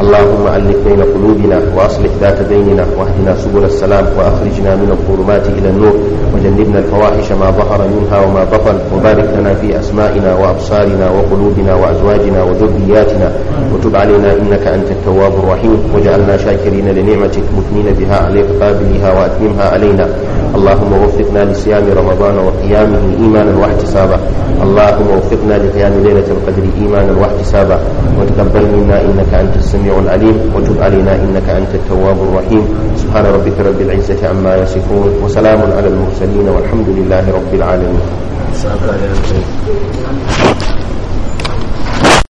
اللهم ألف بين قلوبنا وأصلح ذات بيننا واهدنا سبل السلام وأخرجنا من الظلمات إلى النور وجنبنا الفواحش ما ظهر منها وما بطن وبارك لنا في أسمائنا وأبصارنا وقلوبنا وأزواجنا وذرياتنا وتب علينا إنك أنت التواب الرحيم وجعلنا شاكرين لنعمتك مثنين بها عليك قابلها وأتممها علينا اللهم وفقنا لصيام رمضان وقيامه إيمانا واحتسابا اللهم وفقنا لقيام ليلة القدر إيمانا واحتسابا وتقبل منا إنك أنت السميع العليم وتب علينا إنك أنت التواب الرحيم سبحان ربك رب العزة عما يصفون وسلام على المرسلين والحمد لله رب العالمين